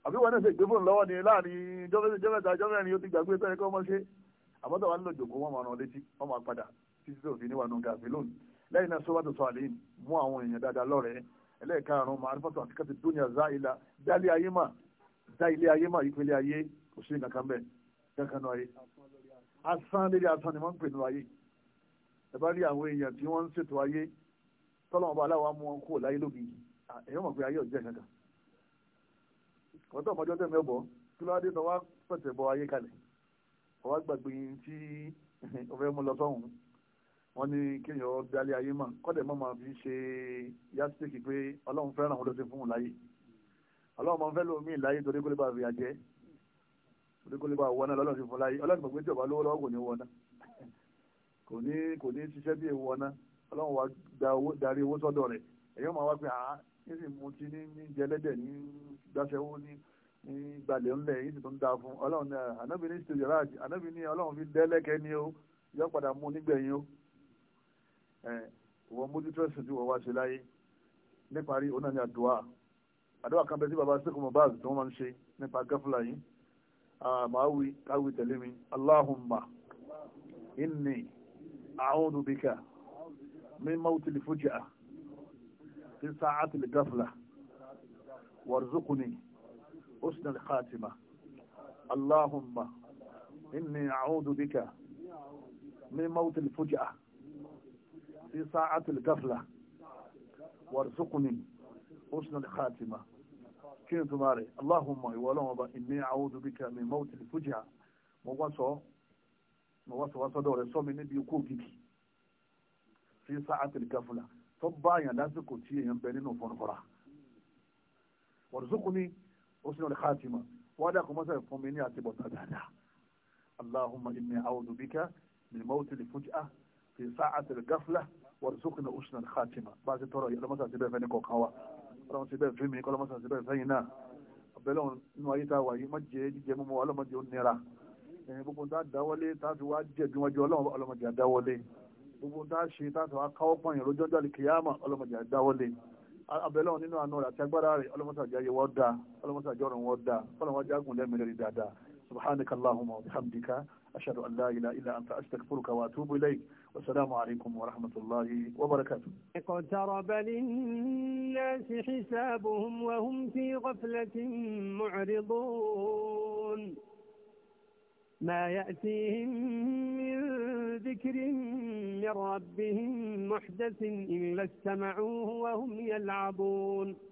àbí wọn náà ṣe ìgbébùn lọ́wọ́ ni láàrin jọ́mẹ́ta ni ó ti gbàgbé sẹ́yìn kọ́ mọ́ṣẹ́ àbọ̀tọ̀ wa ń lọ jòkó wọn máa rán létí wọn máa padà títí tó fi níwàánu gàfí lónìí lẹ́yìn náà sọ́wọ́tò sọ àlẹ́ mú àwọn èèyàn dáadáa lọ́rẹ̀ẹ́ ẹlẹ́ẹ̀karùn-ún máa ń fọ́tò àti kẹ́tì dúnìá zá ilà dá ilé ayé mà dá ilé ayé mà ìpele ayé kò sí nǹkan kan bẹ́ẹ̀ wọ́n tó ọmọdé ọdún mẹ́bọ̀ kí ló dé tọ́wọ́ pẹ̀tẹ̀ bọ ayé kalẹ̀ ọwọ́ gbàgbé tí ọfẹ́ mú lọ sọ́hùn wọ́n ní kéèyàn dalẹ̀ ayé mà kọ́dẹ̀ mọ́ máa fi ṣe yásíkì pé ọlọ́run fẹ́ràn àwọn olóṣèlú fún un láyé ọlọ́run máa ń fẹ́ lómi láyé torí kó lè bá fi àjẹ́ torí kó lè bá wọná lọ́lọ́run ti fún láyé ọlọ́run mọ̀ tí ọba lówó lọ́wọ́ kò ní wọná kò ní kò ní ṣiṣẹ́ bí ewu wọná wa darí owó sọ́dọ̀ rẹ̀ èyí máa wá pé yìí sì mutí ní ní jẹlẹ́dẹ̀ ní gbàṣẹwó ní ní gbalẹ̀ ńlẹ̀ yìí sì tó ń da fún ọlọ́run náà ànábì ní sèjọ́ ráàjì ànábì ní ọlọ́run fi dẹ́lẹ́kẹ́ ni ó yọ padà mú nígbẹ̀yìn ó wọ́n mójú tó ẹ̀sìn tí wọ́n wá ṣe láyé níparí ọ̀nà ni àdúrà àdúrà kan bẹ́ẹ̀ tí baba sẹ́kù Mohbad tó máa ń ṣe nípa gáfúlà yìí àmàáwí káwí tẹ̀lé mi Allahumma inni a'udhu bika min mawtil fuja'ah في ساعات القفلة وارزقني حسن الخاتمة اللهم إني أعوذ بك من موت الفجأة في ساعة القفلة وارزقني حسن الخاتمة كنت ماري اللهم ولوم إني أعوذ بك من موت الفجأة موصو موصو وصدور صومي نبي كوكي في ساعة القفلة tó bá àyàn lásìkò tí èèyàn bẹ nínú fọnfọra wọ̀dùsùkú ni ó sì náà lè káàtì mọ̀ wọ́n dà kó mọ́sẹ̀ fún mi ní àtibọ̀tà dáadáa allahumma inni a'udhu bika min mawti li fuj'a fi sa'ati al-ghafla warzuqna usna al-khatima bá ti tọrọ yìí ọlọ́mọ́sà ti bẹ́ẹ̀ fẹ́ ní kọ̀ọ̀kan wa ọlọ́mọ́sà ti bẹ́ẹ̀ fẹ́ mi ọlọ́mọ́sà ti bẹ́ẹ̀ fẹ́yìn ayé tá a wà yìí má jẹ́ jíjẹ mímu ọlọ́mọdé ó nira gbogbo tá a dáwọ́lé fi wá jẹ̀bi gbogbo tá a ṣe táṣọ akáwọ́ pọ̀nyìn lọ́jọ́ jáde kìyàmà ọlọ́mọdé àdáwọlé abẹ́lẹ́ wọn nínú àánú rẹ̀ àti agbára rẹ̀ ọlọ́mọdé àjẹyẹ wọ́n dáa ọlọ́mọdé àjọrùn wọ́n dáa ọlọ́mọdé àjẹgùn lẹ́mìíràn dáadáa subhanaka allahumma wa bihamdika ashhadu an la ilaha illa anta astaghfiruka wa atubu ilayk wa assalamu alaykum wa rahmatullahi wa barakatuh iqtaraba lin hisabuhum wa hum fi ghaflatin mu'ridun ما يأتيهم من ذكر من ربهم محدث إلا استمعوه وهم يلعبون